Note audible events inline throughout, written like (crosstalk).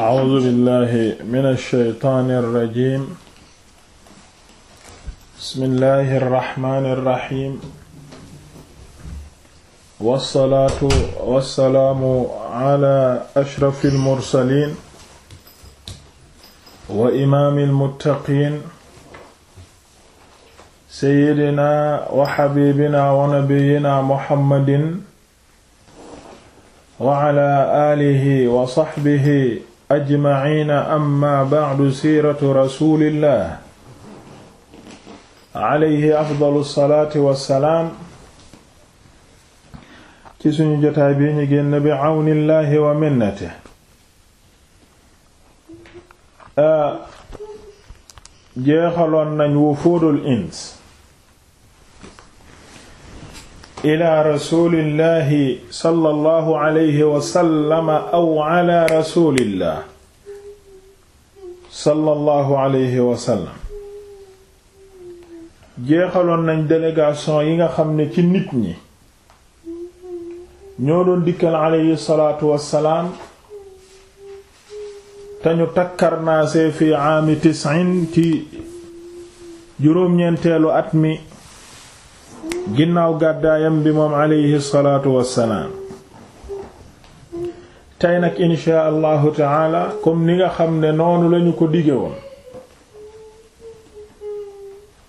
أعوذ بالله من الشيطان الرجيم بسم الله الرحمن الرحيم والصلاة والسلام على أشرف المرسلين وإمام المتقين سيدنا وحبيبنا ونبينا محمد وعلى آله وصحبه ajmaciina amma bacdu siiratu rasulillah alayhi afdalu salaati wassalaam ci suñu jotaay bi ñu génn bi cawnillahi wa minnate jeexaloon nañ wufuudul ins ila rasulillahi sallallahu alayhi wa sallam aw ala rasulillah sallallahu alayhi wa sallam jeexaloon nañ délégation yi nga xam ni ci nit ñi ñoo doon dikkal alayhi salaatu wassalaam te ñu takkarnaase fi aami tisin ci juróom-ñeenteelu at mi ginnaaw gàddaayam bi moom alayhi salaatu wassalaam tey nag insha allahu taala comme ni nga xam ne noonu lañu ko dige woon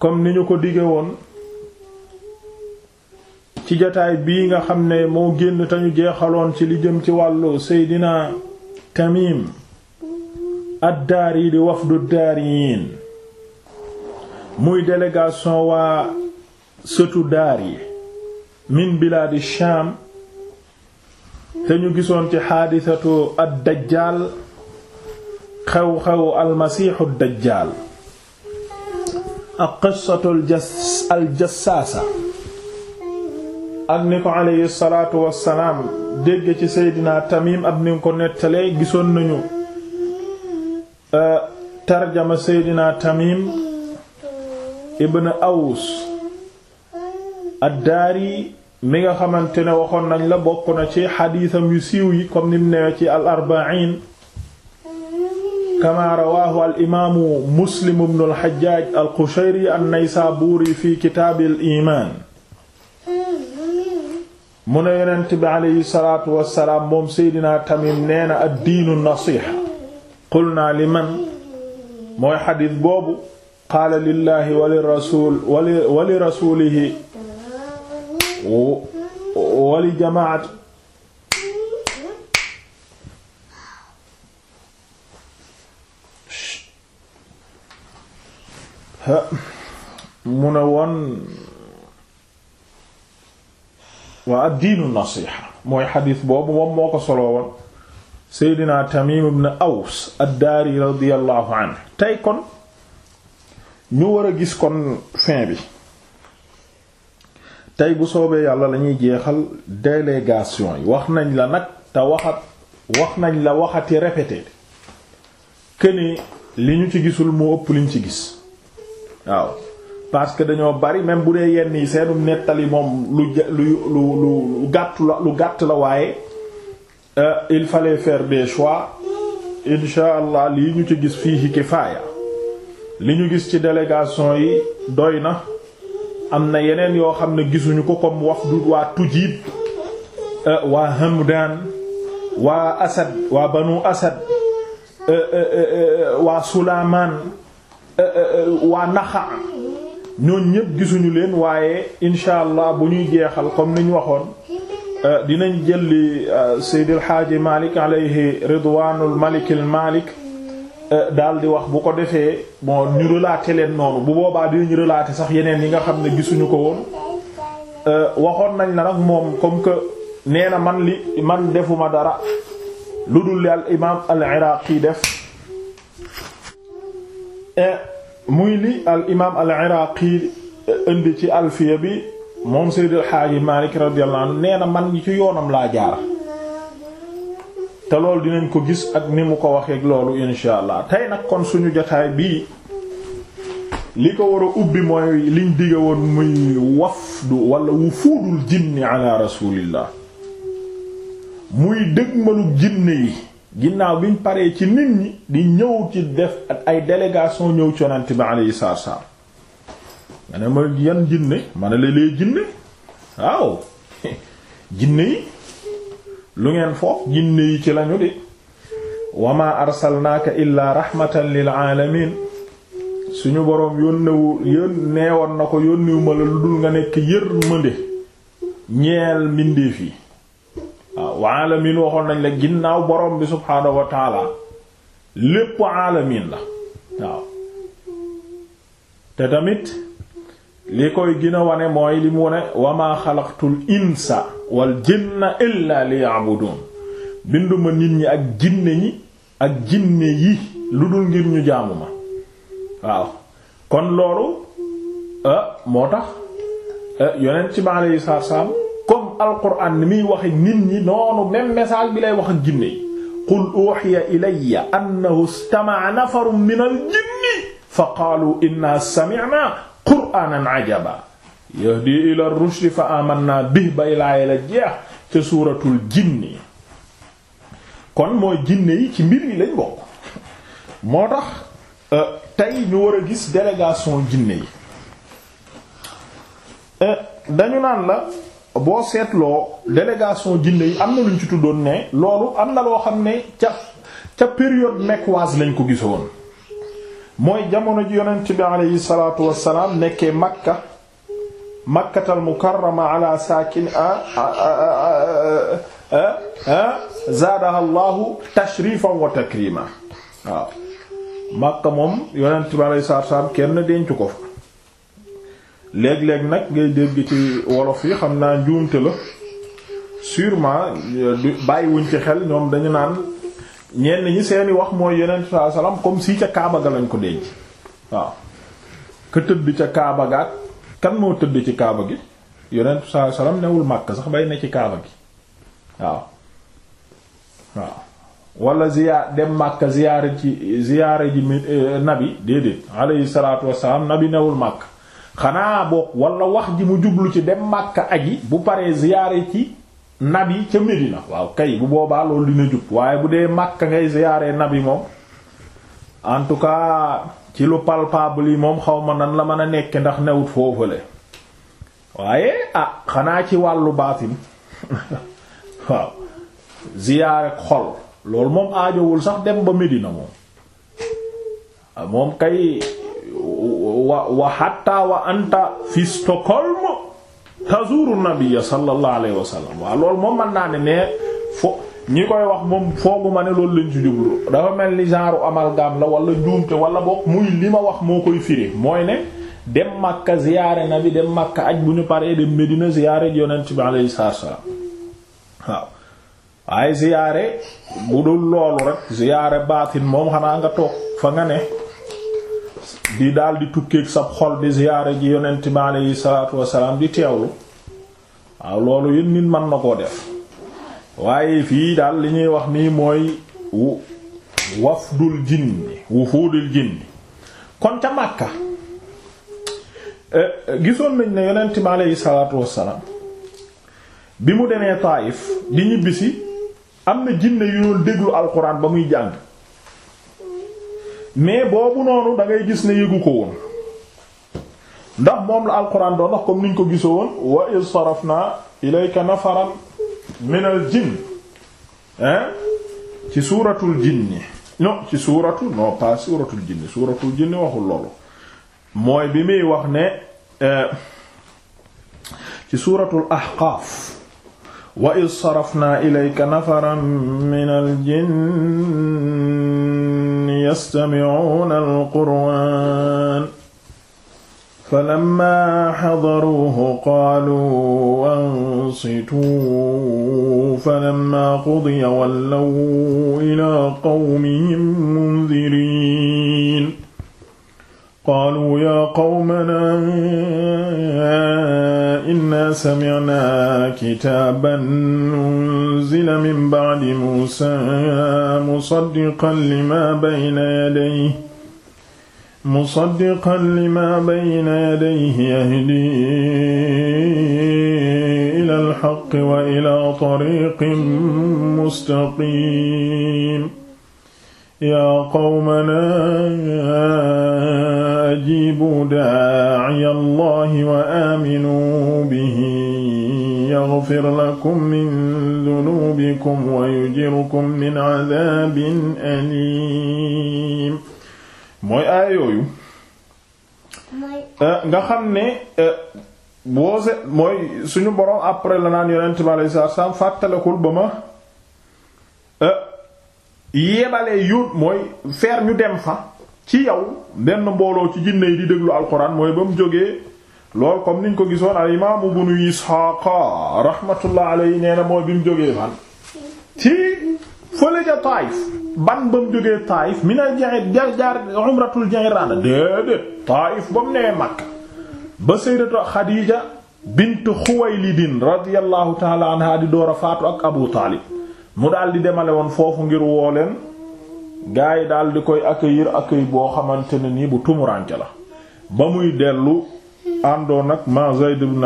comme ni ñu ko dige woon ci jataay bii nga xam ne moo génn te ñu jeexaloon ci li jëm ci wàllu seydina tamim ad-daari di wafdu daariyin muy délégation waa sëtu daar yi min bilaadi Shaam te ñu gisoon ci xaadisatu ad-dajjaal xew-xew almasiixu ad-dajjaal ak qissatul aljassaasa ak ni ko aleyhi salaatu wassalaam dégg ci seydina tamim ab ni ko nettalee gisoon nañu euh, tarjama seydina tamim ibn aws ad mi nga xamante ne waxoon nañ la bokk na ci xadiisam yu siiw yi comme nim newe ci al arbain kama rawaahu al imaamu muslim ibnu al xajjaaj al qushayri an naysaabuuri fi kitaabil iimaan mu ne yonent bi aleyhi salaatu wassalaam moom seydina tamim nee na ad diinu nasiixa qul naa li man mooy xadiis boobu qaala lillaahi wa li rasuul wa li rasuulihi wali jamaat mu ne woon waa addiinu nasiixa mooy xadiis boobu moom moo ko soloo woon seydina tamim ibn aws addaari radiyallahu anhu tey kon ñu war a gis kon fin bi tey bu soobee yàlla lañuy jeexal délégation yi wax nañ la nag te waxat wax nañ la waxati répété que ni li ñu ci gisul moo ëpp liñ ci gis waaw parce que dañoo bari même bu dee yenn yi seenu nettali moom lu gàtt la lu gàtt la waaye euh, il fallait faire des choix incha allah lii ñu ci gis fii kifaaya li ñu gis ci délégation yi doy na am na yeneen yoo xam ne gisuñu ko comme wafdu waa Tujib euh, waa Hamdan waa Asad waa Banu Asad euh, euh, waa Sulaamaan waa Naxa ñooñ ñépp gisuñu leen waaye incha allah bu ñuy jeexal comme niñ waxoon dinañ jëlli Seydil Haaji Malik alayhi ridwaanul malikil Malik Euh, daal di wax bu ko defee bon ñu relater leen noonu bu boobaa dinañu relater sax yeneen yi nga xam ne gisuñu ko woon euh, waxoon nañ la nag moom comme que nee na man li man defuma dara lu dul li al imaam al iraqi def muy li al imaam al iraqi euh, indi ci alfiya bi moom Seydil Haaji Maalik radiyallahu anhu nee na man ci yoonam laa jaar te loolu dinañ ko gis ak ni mu ko waxee loolu insha allah tey nag kon suñu jotaay bii li ko war a ubbi mooy liñ digge woon muy wafdu wala wufuudul jinni ala rasulillah muy dëgmalug jinne yi ginnaaw biñ paree ci nit ñi di ñëw ci def ak ay délégation ñëw ci yonent bi alayhi salaatu salaam ma ne ma yan jinne ma ne jinne waaw (laughs) jinne yi lu ngeen foof jinne yi ci lañu di wama arsalnaaka illaa rahmatan lil suñu boroom yónnewu yón neewoon na ko yónnewu ma la lu dul nga nekk yërmande ñeel mbindeef yi waaw waxoon nañ la ginnaaw boroom bi subhaanahu wa lépp alamin la waaw te tamit li koy gën wane mooy li mu wane wamaa xalaqtul insa wal jinna illa liya'budun binduma nit ñi ak jinne ñi ak jinne yi lu dul ngir ñu jaamu ma waaw kon loolu ah, moo tax ah, yonent ci ma alayhi salaam comme alquran ni muy waxe nit ñi noonu même message bi lay wax ak jinne yi qul uhiya ilayya annahu istama'a nafarun min al jinni fa qaalu inna sami'na qur'anan ajaba yahdi ila rushdi fa amanna bi bay laaye la jeex ca suuratul jinni kon mooy jinne yi ci mbir yi lañ bokk moo tax euh, tey ñu war a gis délégation jinne yi euh, dañu naan la boo seetloo délégation jinne yi am na luñ ci tuddoon ne loolu am na loo xam ne ca ca période mecquoise lañ ko gisoon mooy jamono ji yonent bi aleyhi salaatu wassalaam nekkee Makka makkatal mukarrama ala sakin zaadaha llahu tashrifan wa waaw makka moom yonent bi alayhi salaatu salaam kenn dencu ko fa léeg-léeg nag ngay dégg ci wolof yi xam naa njuumte la sûrement euh, bàyyiwuñ ci xel ñoom dañu naan ñenn ñi seeni wax mooy yonent salaam comme si ca Kaaba ga lañ ko denc waaw ka tëdd ca Kaaba ga kan moo tëdd ci kaaba gi yonent saa salaam newul Makka sax bay na ci kaaba gi waaw waaw wala ziyaar dem Makka ziyaare ci ziyaare ji eh, nabi déedéet alayhi salaatu wassalaam nabi newul Makka xanaa boog wala wax ji mu jublu ci dem Makka aji bu paree ziyaare ci nabi ca Medina waaw kay bu boobaa loolu dina jub waaye bu dee màkk ngay ziyaare nabi moom en ci lu palpable yi moom xaw ma nan la mën a nekke ndax newut foofale waaye ah xanaa ci wàllu baatin (laughs) waaw ziyaare xol loolu moom aajowul sax dem ba Medina moom ah, moom kay wa wa hatta wa anta fi tazuru nabiyya sallallahu alayhi wa sallam waaw moom mën naa ne ne fo ñi koy wax moom foogu ma ne loolu lañ ci jublu dafa mel ni genre amalgame la wala njuumte wala bokk muy li ma wax moo koy firi mooy ne dem Makka ziyaare na bi dem màkk aj bu ñu paree dem Medina ziyaare yonent bi alayhi salaam waaw waaye baatin moom nga toog fa nga ne di daal di tukkeeg sab xol di ziyaare ji yonent bi alayhi salaatu wasalaam di teewlu waaw loolu yit nit mën na koo def waaye fii daal li ñuy wax nii mooy wafdul jinni wufuudul jinni kon ca Makka eh, eh, gisoon nañ ne yonent bi aleyhi salaatu wassalaam bi mu demee Taayif di ñibbisi am na jinne yu doon déglu alxuraan ba muy jàng mais boobu noonu dangay gis ne yëgu ko woon ndax moom la alxuraan doon ndax comme niñ ko gisoo woon wa iz sarafna ilayka nafaran minal jinn hein ci suuratul jinni non ci suuratu non pas suuratul jinni suuratul jinni waxul loolu mooy bi muy wax ne eh, ci suuratul ahqaaf wa iz sarafnaa ilayka nafaran minal jinni yastami'uuna al-qur'aan falamma xadaruuhu qaaluu ansituu falamma qudiya wallaw ilaa qawmihim munziriin qaaluu yaa qawmanaa innaa samicnaa kitaaban unzila min bacdi muusaa musaddiqan limaa bayna yadayhi musaddiqan lima bayna yadayhi yahdi ila alxaqqi wa ila tariqin mustaqim yaa qawmanaa ajiibu daaciya Allahi wa aaminuu bihi yaghfir lakum min dunuubikum wa yujirkum min cadaabin aliim mooy aaya yooyu eh, nga xam ne eh, boo se mooy suñu borom après la naan yonent bi alayhi salaatu salaam fàttalekul ba ma eh, yebalee yu mooy feer ñu dem fa ci yow benn mbooloo ci jinne yi di déglu alxuraan mooy ba mu jógee lool comme niñ ko gisoon al imaamu bunu Isxaaqa rahmatullah alayhi nee na mooy bi mu jógee fan hmm. ci fële ca Taayif ban ba mu jógee Taayif mi na jaxit jaar jaar umratul déedéet Taayif ba mu nee Makka ba sayyidatu Xadiija bint Xuwaylidin radiyallahu taala anha di faatu ak Abu Taalib mu daal di demale woon foofu ngir woo leen gars di koy accueillir accueil boo xamante ne nii bu tumuranke la ba muy dellu àndoon ak ma Zayd ibn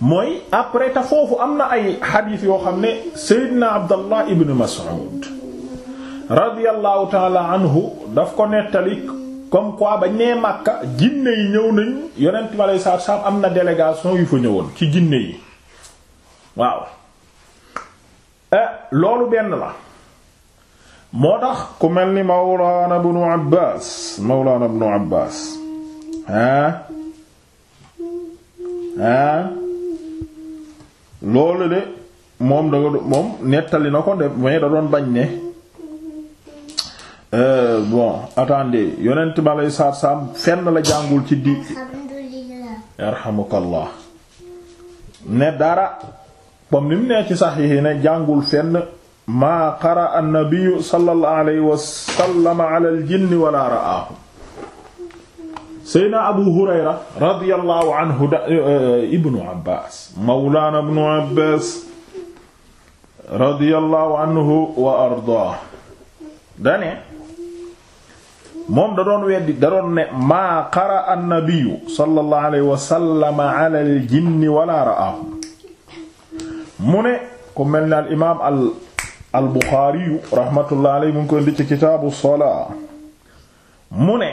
mooy après te foofu am na ay xadiis yoo xam ne Seydina Abdallah ibn Mas'ud radiyallahu taala anhu daf ko nettali comme quoi bañ nee Makka jinne yi ñëw nañ yonent bi alayhi am na délégation yu fa ñëwoon ci jinne yi waaw eh, loolu benn la moo tax ku mel ni Mawlaana ibnu Abbaas Mawlaana ibnu Abbaas ah ah loolu de moom da nga moom nettali na ko de mais da doon bañ ne euh, bon attendez yonent bi aleyhi salaatu fenn la jàngul ci di yarhamukallah ne dara comme ni mu nee ci saxiix yi ne jàngul fenn maa qara a nabiyyu sallallahu alayhi wa jinni wala ra'aahum Seydina Abu Hurayra radiyallahu anhu da eh, eh, ibnu Abbas mawlaana ibnu Abbas radiyallahu anhu wa ardaa dane moom da doon weddi da doon ne maa qara annabiyu sallallahu alayhi wa sallam ala al jinni wala ra'ahum mu ne ku mel ne al imaam al al Buxaariyu rahmatullahi alayhi mu ngi koy indi ci kitaabu salaa mu ne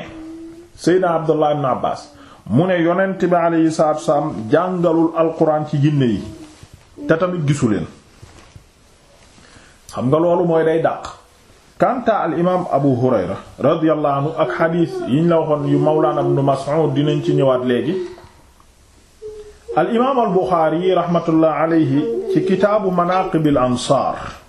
Seydina Abdullah ibn Abbas mu ne yonent bi aleyhi salaatu wasalaam jàngalul alquran ci jinne yi te tamit gisu leen xam nga loolu mooy day dàq kanta al imaam Abu Hurayra radiyallahu anhu ak xadiis yiñ la waxoon yu mawlaana ibn Mas'ud dinañ ci ñëwaat léegi al imaam al Buxaari yi rahmatullah aleyhi ci kitaabu manaaqibil ansaar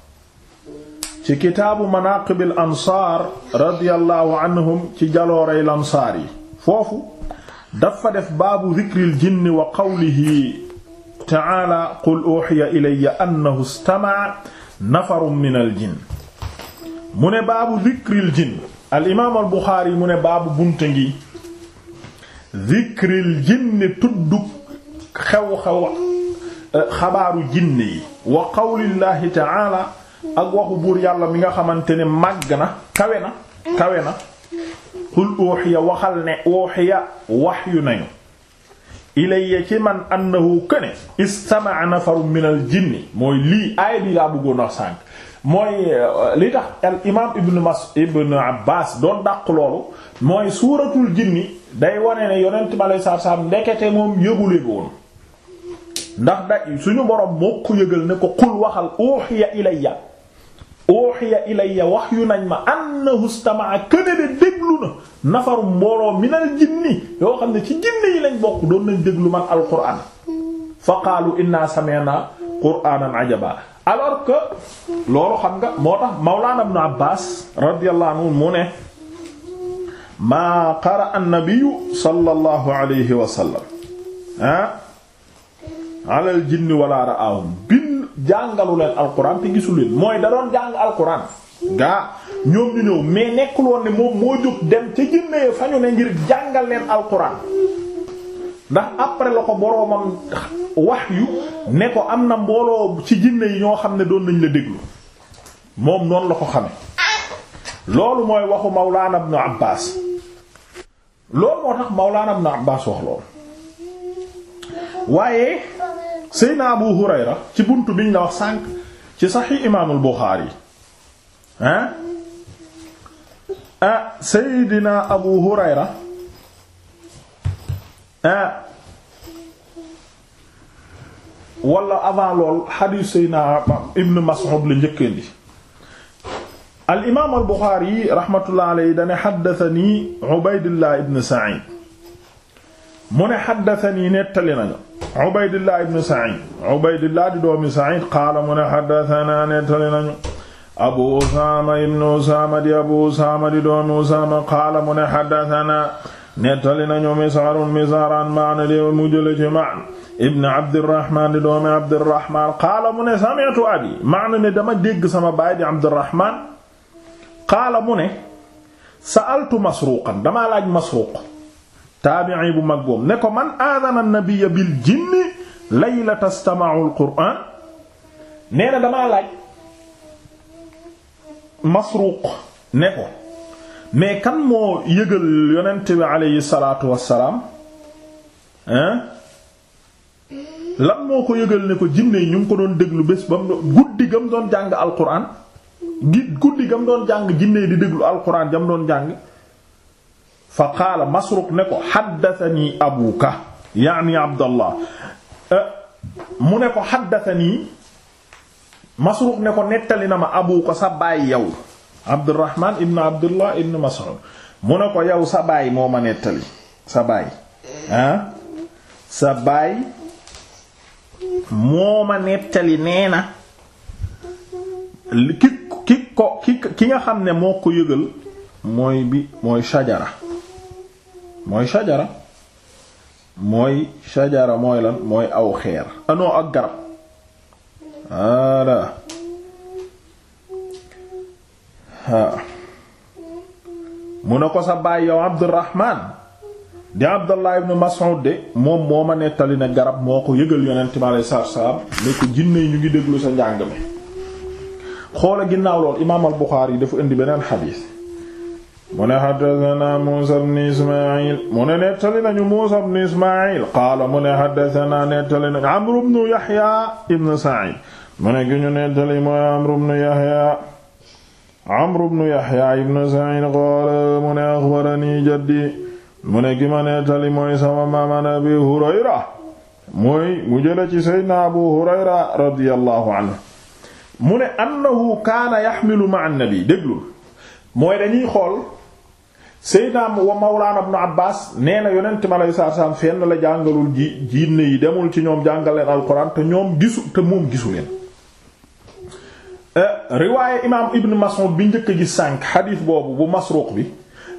ci kitaabu manaaqibil ansaar radiyallahu anhum ci jaloorey lansaar yi foofu dafa def baabu dikril jinni wa qawlihi ta'ala qul uhiya ilayya annahu istama'a nafarun minal jinn mu ne baabu dikril jinn al imaam al buxaari mu ne baabu bunta ngi dikril jinni tuddu xew xew eh, xabaaru jinni yi wa qawlillahi ta'ala ak waxu buur yàlla mi nga xamante ne màgg na kawe na kawe na qul uhiya waxal ne uhiya wahyu nañu ilayya ci man annahu kana istama'a nafaru min al jinni mooy lii aaya bi laa bëggoon wax sànk mooy li tax al imaam ibn mas ibn abbas doon dàq loolu mooy suuratul jinni day wane ne yonent bi aleyhi salaatu salaam ndekete moom yëgule woon ndax da suñu borom moo yëgal ne ko qul waxal uhiya ilayya uhiya ilayya wahyu nañ ma annahu istama'a këne de déglu na nafaru mbooloo minal jinni yoo xam ne ci jinni yi lañ bokk doon nañ déglu man alquran fa qaalu inna sami'na qur'anan ajaba alors que loolu xam nga moo tax mawlana ibn abbas radiyallahu anhu mu ne maa qara an-nabiyyu sallallahu alayhi wa sallam ah ala jinni wala ra'ahum jàngalu leen alquran te gisul leen mooy da doon jàng alquran. gaa ñoom ñu ñëw mais nekkul woon ne moom moo jóg dem ca jinne fa ñu ne ngir jàngal leen alquran ndax après la ko boroomam wax yu ne ko am na mbooloo ci jinne yi ñoo xam ne doon nañ la déglu moom noonu la ko xame loolu mooy waxu Mawlaana Ibnu Abbaas loolu moo tax Mawlaana Ibnu Abbaas wax loolu waaye. Seyna Abu Hurayra ci buntu biñ la wax sànq ci Sahih Imaamul Buxaari hein ah Seydina Abu Hurayra ah wala avant lool xadiis Seydina Ibn Mas'ud la njëkkandi al imaam al Buxaari rahmatullahi alayhi dane xaddatani Ubaydullah ibn Sa'id mu ne xaddatani nettali nañu Ubaydillah ibn Sa'id Ubaydillah di doomi Sa'id qaala mu ne haddathana nettali nañu Abu Usaama ibn Usaama di Abu Usaama di doomi Usaama qaala mu ne haddathana nettali nañu Mis'arun Mis'araan Ma'n di mu jële ci Ma'n ibn Abdirahmaan di doomi Abdirahmaan qaala mu ne sami'tu abi Ma'n ne dama dégg sama baay di Abdirahmaan qaala mu ne sa'altu Masruuqan damaa laaj Masruuq taabi'i bu mag boobu ne ko man aadana nabiyya bil jinni laylata istama'u al nee na damaa laaj Masruuq ne ko mais kan moo yëgal yonent bi aleyhi salaatu wassalaam lan moo ko yëgal ne ko jinne ñu ngi ko doon déglu bés ba mu guddi gam doon jàng alquran gi guddi gam doon jàng jinne di déglu alquran jam doon jàng fa qaala Masruq ne ko xaddatani abuka yaani Abdallah eh, mu ne ko xaddatani Masruq ne ko nettali na ma abuka sa baay yow Abdurrahman ibn Abdullah ibn Mas'ud mu ne ko yow sa baay moo ma nettali sa sa baay moo ma nee na ki nga xam ne moo ko yëgal mooy bi mooy sajara mooy shajara mooy shajara mooy lan mooy aw xeer anoo ak garab waala mu ne ko sa baay yow Abdurrahman di Abdallah ibn Mas'ud de moom moo ma nettali ne garab moo ko yëgal yonent mi alayhi salaatu ne ko jinne ñu ngi déglu sa njàng mi xoola ginnaaw lool imaam al Buxaari yi dafa indi beneen xadiis mu ne xaddasanaa Muusaa ibn Ismaayil mu ne nettali nañu Muusaa ibn Ismaayil qaala mu ne xaddasanaa nettali nañu Amru ibn Yahyaa ibn Sa'iid mu ne gi ñu nettali mooy Amru ibn Yahyaa Amru ibn Yahyaa ibn Sa'iid qaala mu ne axbaranii jaddii mu ne gi ma nettali mooy sama maam Abii Hurayra mooy mu jële ci Seydina Abuu Hurayra radiyallaahu anhu mu ne annahu kaana yaxmilu ma'a an-nabi déglu mooy dañuy xool Seydina wa Mawlaana Ibnu Abbaas nee na yonent mi alayhi salaam fenn la jàngalul ji jinne yi demul ci ñoom jàngal leen te ñoom gisu te moom gisu leen. Eh, riwaaye imaam Ibn Mas'ud bi njëkk a gis sànq xadiis boobu bu Masruuq bi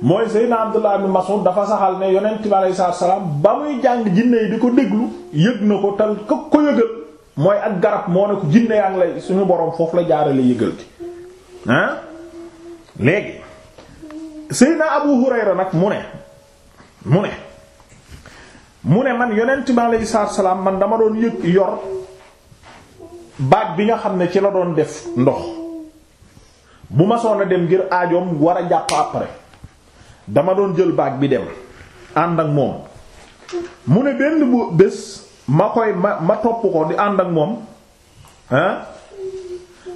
mooy Seydina Abdullah ibn Mas'ud dafa saxal ne yonent mi alayhi salaam ba muy jàng jinne yi di ko déglu yëg na ko tal ko ko yëgal mooy ak garab moo ne ko jinne yaa lay suñu boroom foofu la jaarale yëgal gi léegi. Seydina Abu Hurayra nag mu ne mu ne mu ne man yonent bi aleyhi salaam man dama doon yëg yor baag bi nga xam ne ci la doon def ndox bu ma soon a dem ngir aajoom war a jàpp après dama doon jël baag bi dem ànd ak moom mu ne benn bu bés ma koy ma ma topp ko di ànd ak moom ah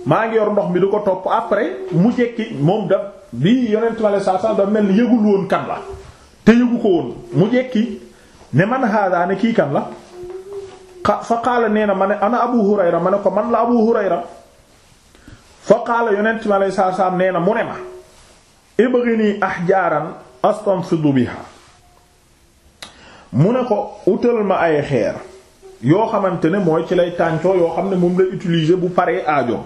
maa ngi yor ndox mi du ko topp après mu jekki moom da bi yonent mi alayhi salaatu mel ni yëgul woon kan la te yëgu ko woon mu jekki ne man haadaa kii kan la fa qaala nee na ma ne ana Abu Hurayra ma ne ko man la Abu Hurayra fa qaala yonent mi alayhi nee na mu ne ma ibghini ahjaaran astanfidu biha mu ne ko utal ma ay xeer yoo xamante ne mooy ci lay tàncoo yoo xam ne moom lay utiliser bu paree aajo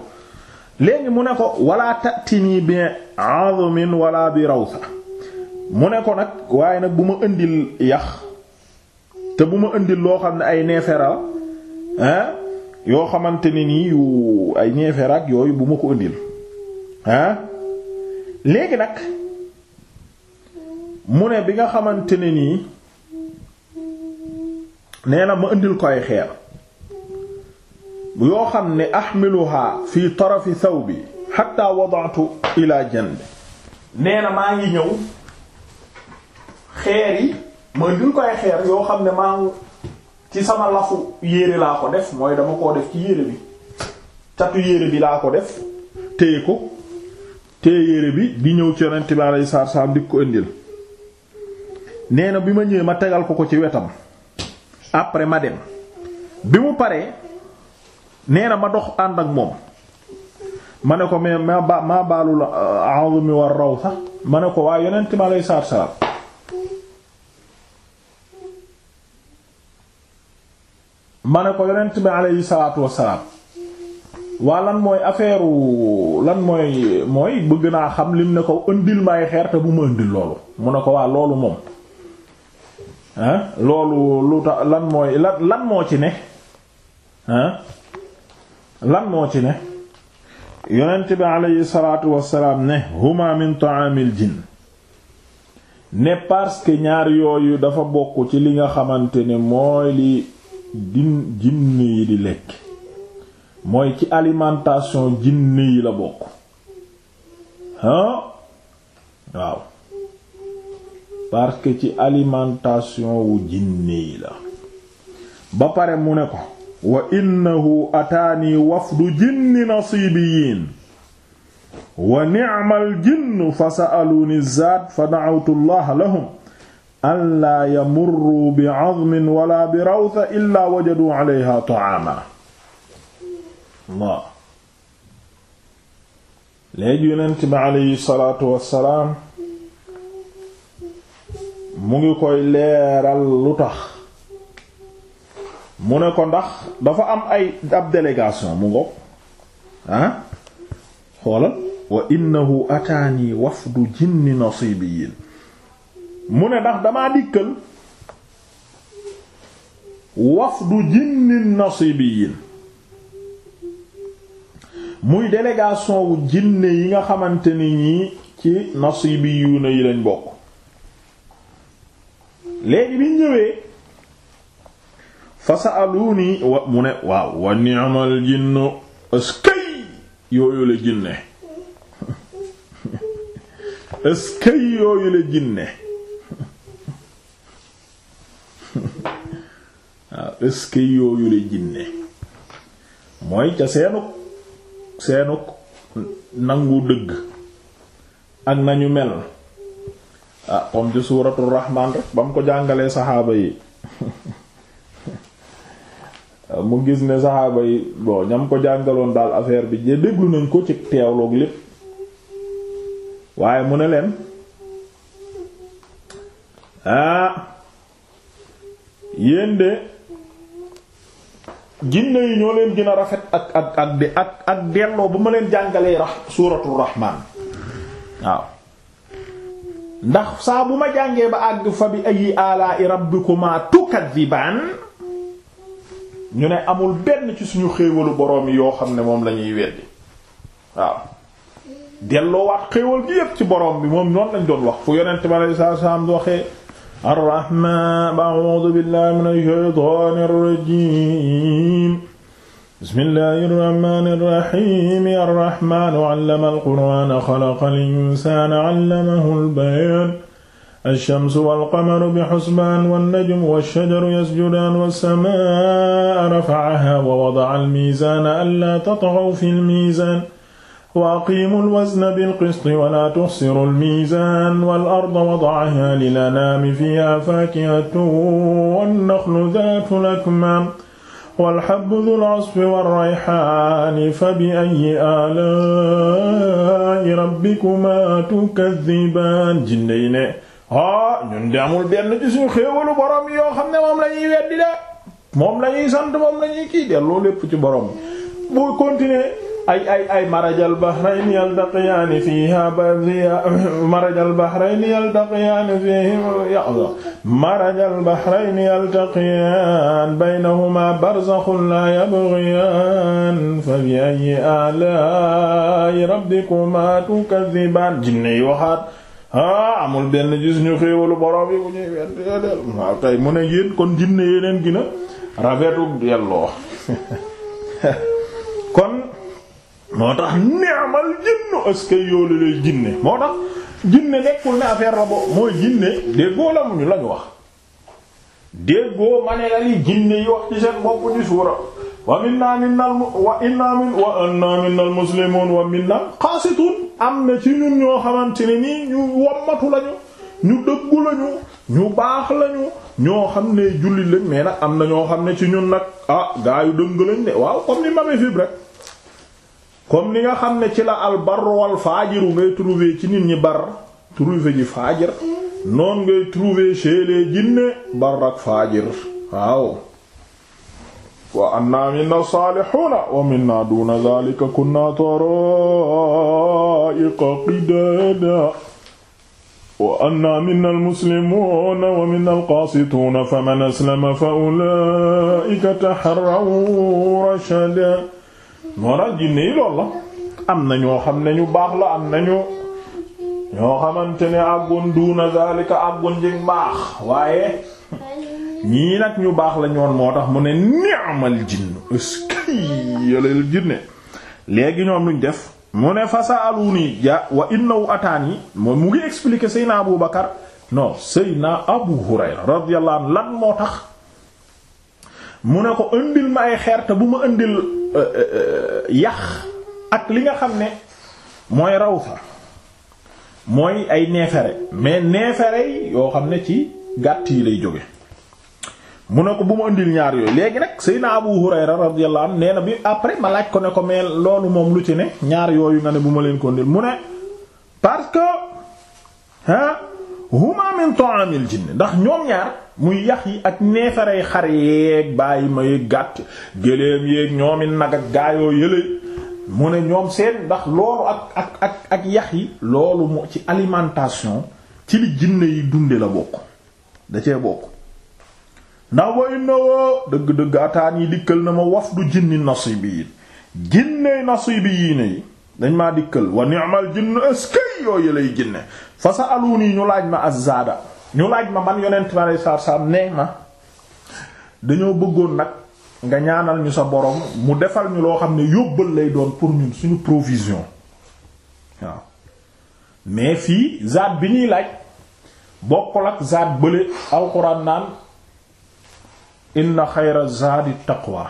léegi mu ne ko wala tatini bi azmin wala bi rawsa mu ne ko nag waaye nag bu ma indil yax te bu ma indil loo xam ne ay neefera yoo xamante ne nii ay neefera yooyu bu ma ko indil hein léegi nag mu ne bi nga xamante ne nii nee na ma indil ko ay xeer yoo xam ne ahmiluha fi tarafi bi hatta wada'tu ila janbi nee na maa ngi ñëw xeer yi mooy duñ koy xeer yoo xam ne maa ngi ci sama lafu yére laa ko def mooy dama koo def ci yére bi catu yére bi laa ko def téye ko téye yére bi di ñëw ci yonent bi alayhi salaatu salaam di ko indil nee na bi ma ñëwee ma tegal ko ko ci wetam après ma dem bi mu paree nee na ma dox ànd ak moom ma ne ko mais ma ba maa baalul euh, azumi war raw sax ma ne ko waa yonent mi aleyhi salaatu salaam ma ne ko yonent mi aleyhi salaatu wassalaam waa lan mooy affaire lan mooy mooy bëgg naa xam lim ne ko ëndil may xeer te bu ma ëndil loolu mu ne ko waa loolu moom ah loolu lu tax lan mooy lan lan moo ci ne lan moo ci ne yonent bi aleyhi salaatu wassalaam ne huma min ta'amil jinn ne parce que ñaar yooyu dafa bokk ci li nga xamante ne mooy li jinn yi di lekk mooy ci alimentation jinn yi la bokk ah waaw parce ci alimentation wu jinn yi la ba pare mu ne ko wa innahu ataani wafdu jinni nasibiyiin wa ni'mal jinnu fa sa'aluuni zaad fa da'awtu llaha lahum an laa yamurruu bi 'azmin wala bi rawtha illaa wajaduu 'alayha ta'aaman Allah léegi yonent bi aleyhi salaatu wassalaam mu ngi koy leeral lu tax mu ne ko ndax dafa am ay ab délégation mu ngoog ah xoolal wa innahu ataani wafdu jinni nasibiyin mu ne ndax damaa dikkal du jinni nasibiyin muy délégation wu jinne yi nga xamante ni ñi ci nasibiyuna yi lañ bokk léegi bi ñëwee fa sa'aluni wa waaw wa ni'mal jinnu yooyu la jinne (laughs) (laughs) eskay yooyu la jinne mooy ca seenuk seenuk nangu dëgg ak nañu mel ah comme ci suuratu rahmaan rek ba mu ko jàngalee saxaaba yi (laughs) mu gis ne saxaaba yi bon ñam ko jàngaloon daal affaire bi je déglu nañ ko ci teewloog lépp waaye mu ne leen ah yéen de jinne yi ñoo leen gën a rafet ak ak ak de ak ak delloo bu ma leen jàngalee ra suuratul rahmaan waaw ndax saa bu ma jàngee ba àgg fa bi ayi alaa i rabbikumaa tukazzibaan ñu ne amul benn ci suñu xéewalu boroom yi yoo xam ne moom lañuy weddi waaw delloowaat xéewal gi yépp ci boroom bi moom noonu lañ doon wax fu yonent bi alayhi salaatu salaam waxee arrahman ba'uudu billahi minash shaytaanir rajiim bismillahir rahmanir rahim arrahmaanu allama al-qur'aana xalaqal insaana allamahu al-bayaan alchamsu walqamaru bixusbaan wannajmu walshajaru yasjudaan walsamaa rafacaha wa wadaca almiizaana anlaa tatgaw fi lmiizaan wa aqiimu alwazna bilqisti wala tuxsiru almiizaan walarda wadacaha lilanaami fiha faakihatu wannaxlu daatu lakmaam walxabbu dul asfi warrayxaani fabi ayyi aalaa'i rabbikumaa tukazzibaan ah ñun de amul benn ci suñu xéewalu borom yoo xam ne moom la ñuy weddi de moom la ñuy sant moom la ñuy kii delloo lépp ci borom bu continuer ay ay ay marajal bahrayn yaltaqiyaani fiihaa baziya marajal bahrayn yaltaqiyaani fiihaa yaghza marajal bahrayn yaltaqiyaan baynahumaa barzakhun laa yabghiyaan fa bi ayyi aalaa'i rabbikumaa tukazzibaan jinne waxaat ah amul benn gis ñu xéewalu borom yi bu ñuy wedd del waaw tey mu ne yéen kon jinne yeneen gina rafetu delloo (laughs) kon moo tax neemal jinnu est-ce que yoolu lay jinne moo tax jinne nekkul ne affaire la bo mooy jinne déggoo la mu ñu lañu wax déggoo ma ne la jinne yi wax ci seen bopp di suura wa minna minnal wa inna wa minna qasitun am na ci ñun ñoo xamante ne nii ñu wommatu lañu ñu dëggu lañu ñu baax lañu ñoo xam ne jullit lañ mais nag am na ñoo xam ne ci ñun nag ah gaa yu dëng lañ de waaw comme ni mame fib rek comme li nga xam ne ci la al barr wal faajiru ngay trouver ci nit ñi bar trouver ji faajir noon ngay trouver chez les jinne bar ak faajir waaw wa anna minna saalihuna wa minna duna zalika kunna tara'iqa qidada wa anna minna almuslimuna wa minna alqasituna faman aslama fa ulaika taharraw rashada moo daal jinne yi lool la am na ñoo xam ne ñu baax la am nañu ñoo xamante ne àggun duna zalika àggun jig baax waaye (laughs) ñii nag ñu baax la ñoon moo tax mu ne ni'mal jinn jinne léegi ñoom luñ def mu ne fasaaluni ja wa innahu ataani moo mu ngi expliquer Seydina Abu Bakar non Seydina Abu Hurayra radiyallahu lan moo tax mu ne ko indil ma ay xeer bu ma indil euh, euh, euh, yax ak li nga xam ne mooy rawsa mooy ay neefere mais neefere yoo xam ne ci gàtt yi lay jóge mu ne ko bu ma indil ñaar yooyu léegi nag Seydina Abu Hurayra radiyallahu anhu nee na bi après ma laaj ko ne ko mais loolu moom lu ci ne ñaar yooyu nga ne bu ma leen ko indil mu ne parce que ah huma min ta'amil ndax ñoom ñaar muy yax yi ak neefaree xar yeeg bàyyi ma yeeg gàtt géléem yeeg ñoomi nag ak gaayoo yële mu ne ñoom seen ndax loolu ak ak ak ak yax yi loolu moo ci alimentation ci li jinne yi dunde la bokk da cee bokk ndax way na woo dëgg-dëgg ataan yi dikkal na ma wafdu jinni nasibiyin jinney nasibiyin yi dañ maa dikkal wa ni'mal jinn eskay yooyu lay jinne fa yi ñu laaj ma azzaada ñu laaj ma man yonent ma lay saar saar nee ma dañoo bëggoon nag nga ñaanal ñu sa boroom mu defal ñu loo xam ne yóbbal lay doon pour ñun suñu provision waaw mais fii zaad bi ñuy laaj bokkul ak zaad bële alxuraan naan inna xayra zaadi taqwa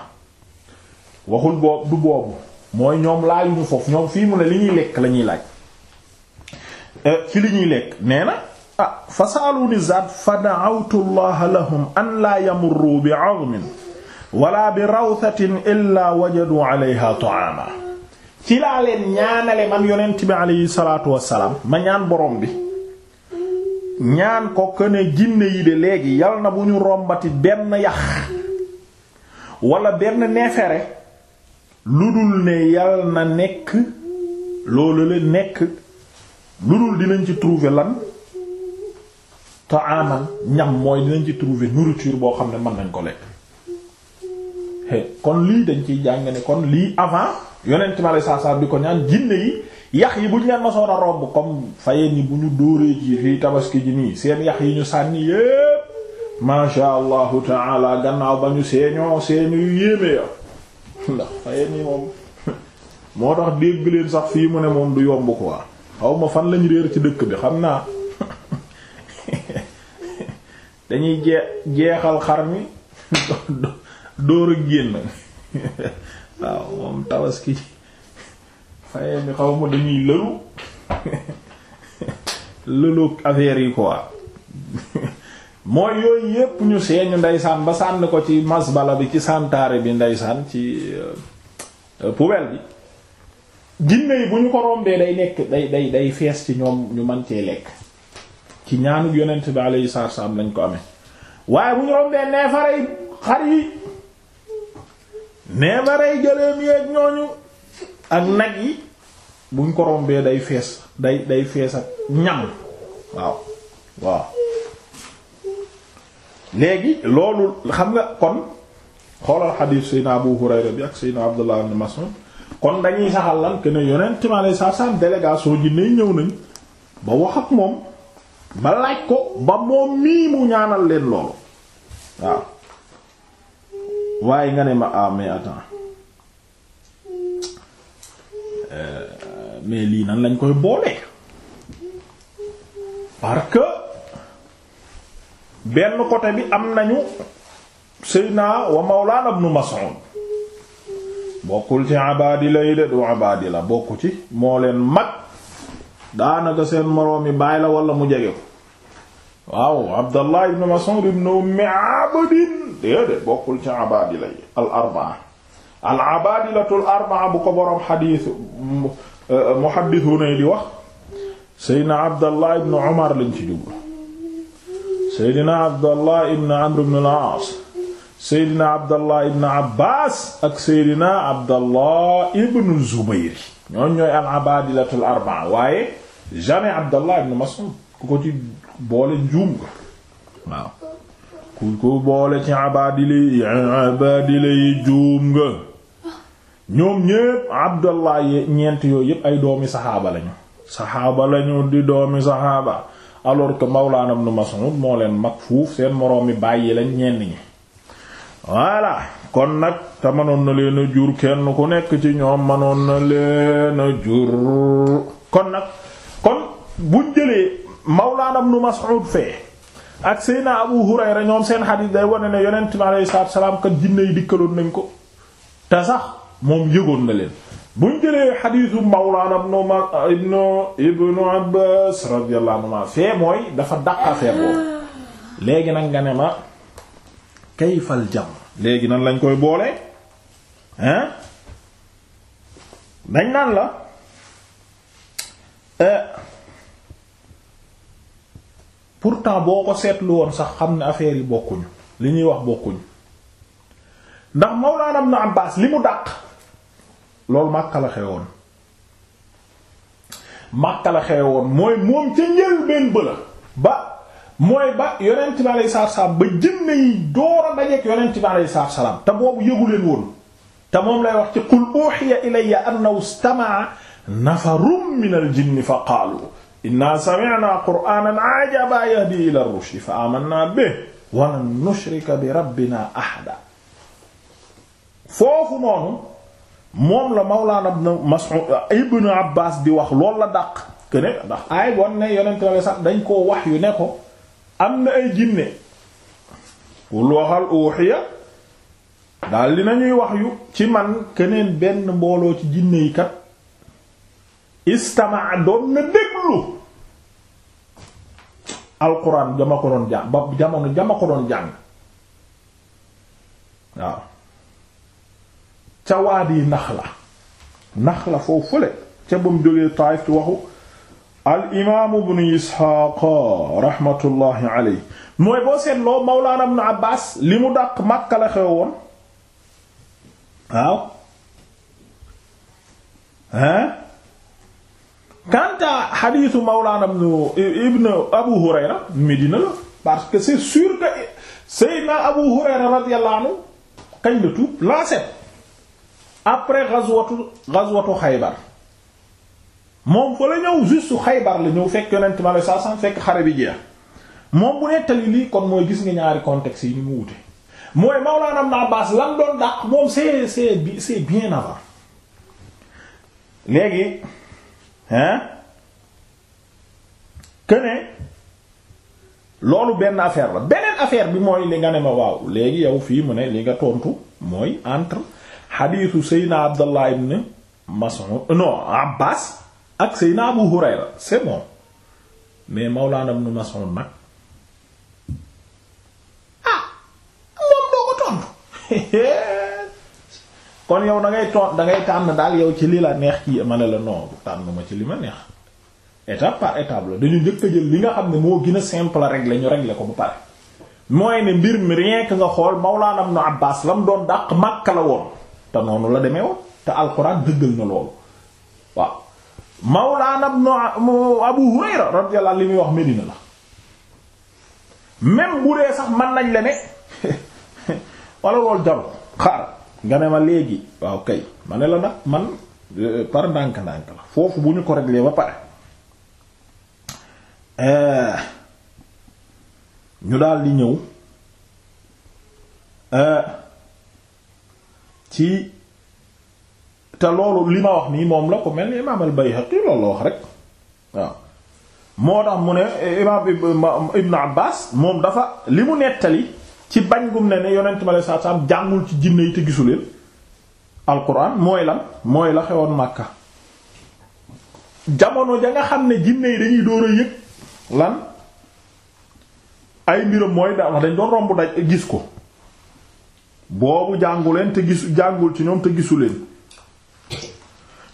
waxul du boobu mooy ñoom laayuñu foofu ñoom fii mu ne li ñuy lekk lañuy ñuy laaj eh, ci li ñuy lekk nee na ah fa saaluni zaad fa da'awtu allah lahum an laa yamurru bi 'azmin wala bi rawthatin illa wajadu 'alayha ta'ama ci laa bi alayhi salaatu wassalaam ma ñaan borom bi ñaan ko këne jinne yi de léegi yal na bu ñu rombati benn yax wala benn neefere lu dul ne yal na nekk loolu la nekk lu dul dinañ ci trouver lan ta'aman ñax mooy dinañ ci trouver nourriture boo xam ne man nañ ko lekk kon lii dañ ciy jàng ne kon lii avant yonent ma la saa saa bi ko ñaan jinne yi yax yi bu ñu leen a romb comme fayeen yi bu ñu dóoree ji fii tabaski ji nii seen yax yi ñu sànni yépp masha allahu taala gannaaw ba ñu seeñoo seen yu yéeme ya ndax fayeen yi moom (laughs) moo tax dégg leen sax fii mu ne moom du yomb quoi xaw ma fan lañ réer ci dëkk bi xam naa (laughs) dañuy jee jeexal xar mi (laughs) dóor a génn waaw moom tabaski ji waaye ni xaw ma dañuy lëlu lëlu affaire ko quoi mooy yooyu yépp ñu seeñu ndeysaan ba sànn ko ci masbala bi ci santaare bi ndeysaan ci euh, poubelle bi ginne yi bu ñu ko rombee day nekk day day fees ci ñoom ñu man cee lekk ci ñaanug yonent bi alayhi salaam lañ ko ame waaye bu ñu rombee neefare xar yi neefare gëléem yeeg ñooñu ak nag yi buñ ko rombee day fees day day fees ak ñam waaw waaw léegi loolu xam nga kon xoolal xadiis Seydina Abu Hurayra bi ak Seydina Abdullah ibn Mas'ud kon dañuy saxal lan que ne yonent mi alayhi salaam délégation ji ne ñëw nañ ba wax ak moom ba laaj ko ba moom mii mu ñaanal leen loolu waaw waaye nga ne ma ah mais Euh, mais lii nan lañ koy boole parce benn côté bi am nañu Seydina wa Mawlana Ibn Mas'ud bokkul ci abadila yi de du abadila bokku ci moo leen mag daanaka seen moroom yi bàyyi la wala mu jege ko waaw Abdallah Ibn Mas'ud ibn Ummi Abdin déedéet bokkul ci abadila yi al arbaa al abaadilatul arbaa bu ko boroom xadiis muhaddisuuna yi di wax seydina abdallah ibn umar lañ ci jublu seydina abdallah ibn amr ibn al-aas seydina abdallah ibn abbaas ak seydina abdallah ibn zubayr ñoon ñooy al abaadilatul arbaa waaye jamais abdallah ibn mas'ud ku ko ci boole njuum ko waaw ku ko boole ci abaadile yi abaadile yi juum nga ñoom ñépp abdallah ñeent yooyu yépp ay doomi saxaaba lañu saxaaba lañu di doomi saxaaba alors que mawlaana ibn Mas'ud moo leen mag fuuf seen moroomi bàyyi lañ ñenn ñi voilà kon nag te mënoon na leen a jur kenn ku nekk ci ñoom manoon na leen a jur kon nag kon buñ jëlee mawlaana ibn Mas'ud fee ak Seydina Abu Hurayra ñoom seen xadiis day wane ne yonent bi alayhi salaatu salaam kat jinne yi dikkaloon nañ ko te sax moom yëgoon na leen buñ jëlee xadiisu mawlaana ibnu ibnu Abbaas radiyallahu anhuma fee mooy dafa dàq affaire boobu léegi nag nga ne ma kayfal jam léegi nan lañ koy boole hein dañ naan la euh, pourtant boo ko seetlu woon sax xam ne affaire yi bokkuñu li ñuy wax bokkuñu ndax mawlaana ibnu Abbaas li mu dàq loolu Makka la xewoon Makka la xewoon mooy moom ca njëlbéen ba la ba mooy ba yonent bi alayhi salaatu salaam ba jinne yi door a dajeek yonent bi alayhi salaatu salaam te boobu yëgu leen woon te moom lay wax ci qul uhiya ilayya annahu istama'a nafarun minal jinni fa qaalu inna sami'na qur'aanan 'ajaban yahdi ila rushdi fa amanna bihi wa lan nushrika bi rabbina ahada foofu noonu moom la Mawlaana Mas'ud ibnu Abbaas di wax lool la daq que ndax aay bon ne yonent sax dañ koo wax yu ne ko am na ay jinne wul waxal uuxiya daal dina ñuy wax yu ci man keneen benn mbooloo ci jinne yi kat istamaa doon na déglu alquran jama ko doon jàng ba jamono jama ko doon jàng waaw ca waadi Naxla Naxla foofu fële ca ba mu jógee Taayif ci waxu al imaamu ibnu Isxaaq raxmatullaahi alayhi mooy boo seetloo Mawlaana ibnu Abbaas li mu dàq Makka la xew woon waaw hein kanta xadiisu Mawlaana ibnu ibnu Abu Hurayra Medina la parce que c'est sûr que Seydina Abu Hurayra radiyallaahu anhu kañ la tuub la set après ghazwatu ghazwatu Xaybar moom fa la ñëw juste Xaybar la ñëw fekk yonent ma la saa san fekk xare bi jeex moom bu nettali lii kon mooy gis nga ñaari contexte yi ñu mu wute mooy Mawlana Ibn Abbas lan doon dàq moom c'est c'est c'est bien avant léegi hein que loolu benn affaire la beneen affaire bi mooy li nga ne ma waaw léegi yow fii mu ne li nga tontu mooy entre xadiisu Seydina Abdallah ibn Mas'ud non Abbas ak Seydina Abu Hurayra c'est bon mais Mawlana ibn Mas'ud nag ah moom moo ko tontu (laughs) kon yow da ngay ton da ngay tànn daal yow ci li la neex ci ma ne la non tànn ma ci li ma neex étape par étape la dañu njëkk jël li nga xam ne moo gën a simple rek régler ñu régler ko bu pare mooy ne mbir mi rien que nga xool Mawlana ibn Abbas la mu doon dàq Makka la woon te noonu la demee te alxuraan dëggal na loolu waaw mawlaana ibnu abu hurayra radiyallahu anhu li muy wax medina la même bu dee sax mën nañ la ne (laughs) wala loolu jaru xaar nga ne ma léegi waaw kay ma ne la nag man euh, par ndànk-ndànk la foofu bu ñu ko réglé ba pare euh, ñu daal di ñëw euh, ci te loolu li ma wax nii moom la ko mel ni imaam al-Bayhaqi loolu la wax rek waaw moo tax mu ne imaam Ibn moom dafa li mu nettali ci bañ gum ne ne yonent ma lay saa saam jàngul ci jinne yi te gisuleen alquran mooy lan mooy la xewoon Makka jamono ja nga xam ne jinne yi dañuy door a yëg lan ay mbiram mooy da wax dañ doon romb daj gis ko boobu jàngu leen te gisu jàngul ci ñoom te gisu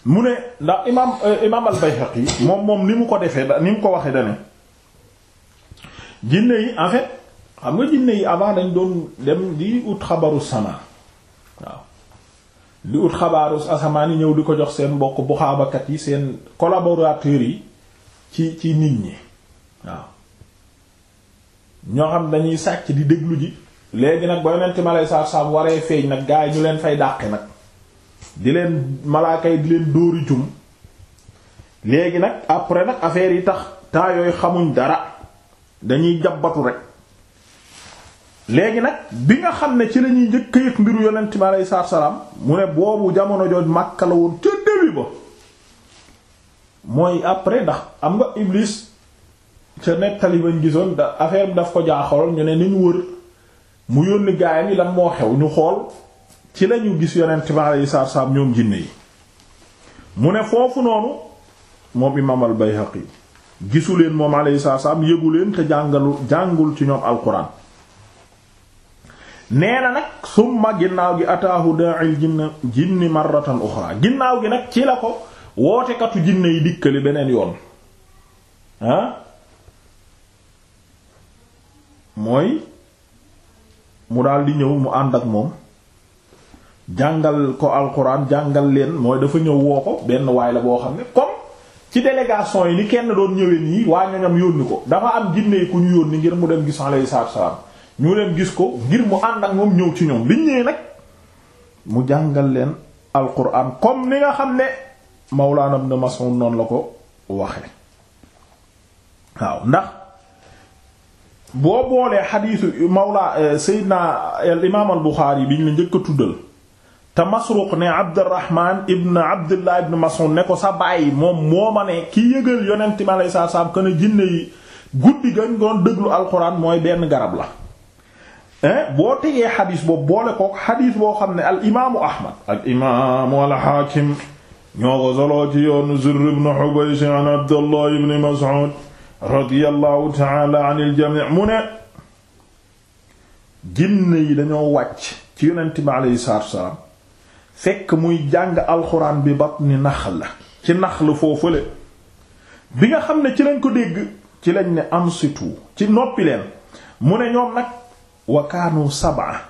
mu ne ndax imaam eh, imaam al-Bayhaqi moom moom ni mu ko defee da ni mu ko waxee da ne jinne yi en xam nga jinne yi avant dañ doon dem di ut xabaru sama waaw di ut xabaaru asamaan yi ñëw di ko jox seen mbokk buxaabakat yi seen collaborateurs yi ci ci nit ñi waaw ñoo xam dañuy sàcc di déglu ji. léegi nag ba yonent malay aleyhi salaatu salaam waree feeñ nag gaa yi ñu leen fay dàqe nag di leen malaaka yi di leen dóori jum léegi nag après nag affaire yi tax temps yooyu xamuñ dara dañuy jabbatu rek léegi nag bi nga xam ne ci la ñuy njëkk yëg mbiru yonent malay aleyhi salaatu salaam mu ne boobu jamono jooj Makka la woon ca début ba mooy après ndax am nga Iblis ca nettali bañ gisoon da affaire bi daf ko jaaxaloon ñu ne ni ñu wër. mu yónni gaayam yi lan moo xew ñu xool ci lañu gis yonent bi alayhi salaatu salaam ñoom jinne yi mu ne foofu noonu moom imaam al Bayhaqi gisu leen moom alayhi salaatu salaam leen te jàngalu jàngul ci ñoom alquran nee na nag summa ginnaaw gi ataahu da'il jinni jinni marratan uxra ginnaaw gi nag ci la ko wootekatu jinne yi dikkali beneen yoon ah? mooy mu daal di ñëw mu ànd ak moom jàngal ko alxuraan jàngal leen mooy dafa ñëw woo ko benn waay la boo xam ne comme ci délégation yi ni kenn doon ñëwee nii waa ñoñam yónni ko dafa am jinne ku ñu yónni ngir mu dem gis alayhi salaatu salaam ñu dem gis ko ngir mu ànd ak moom ñëw ci ñoom liñ ñëwee nag mu jàngal leen alxuraan comme ni nga xam ne Mawlaana Ibn Mas'ud noonu la ko waxe waaw ndax boo boolee xadiisu mawla eh, seydna eh, al imaam al buxaari bi ñu la njëkk a tuddal te masruq ne abdurrahman ibn abdullah ibn mas'ud ne ko sa bàyyi moom moo ma ne ki yëgal yonent mi alayhi salaatu kën a jinne yi guddi gañ doon déglu alxuraan mooy benn garab la eh, boo tegee xadiis boobu boole kook xadiis boo xam ne al imaamu ahmad al ñoo ko soloo ci yoonu zurr ibn hubaysh an abdullah ibn mas'ud radiyallahu taala an iljami mu ne jinne yi dañoo wàcc ci yonent bi aleyhi salaatu wasalaam fekk muy jàng alxuraan bi batni Naxla ci Naxla foofale bi nga xam ne ci lañ ko dégg ci lañ ne amsitu ci noppi leen mu ne ñoom nag wa sab'a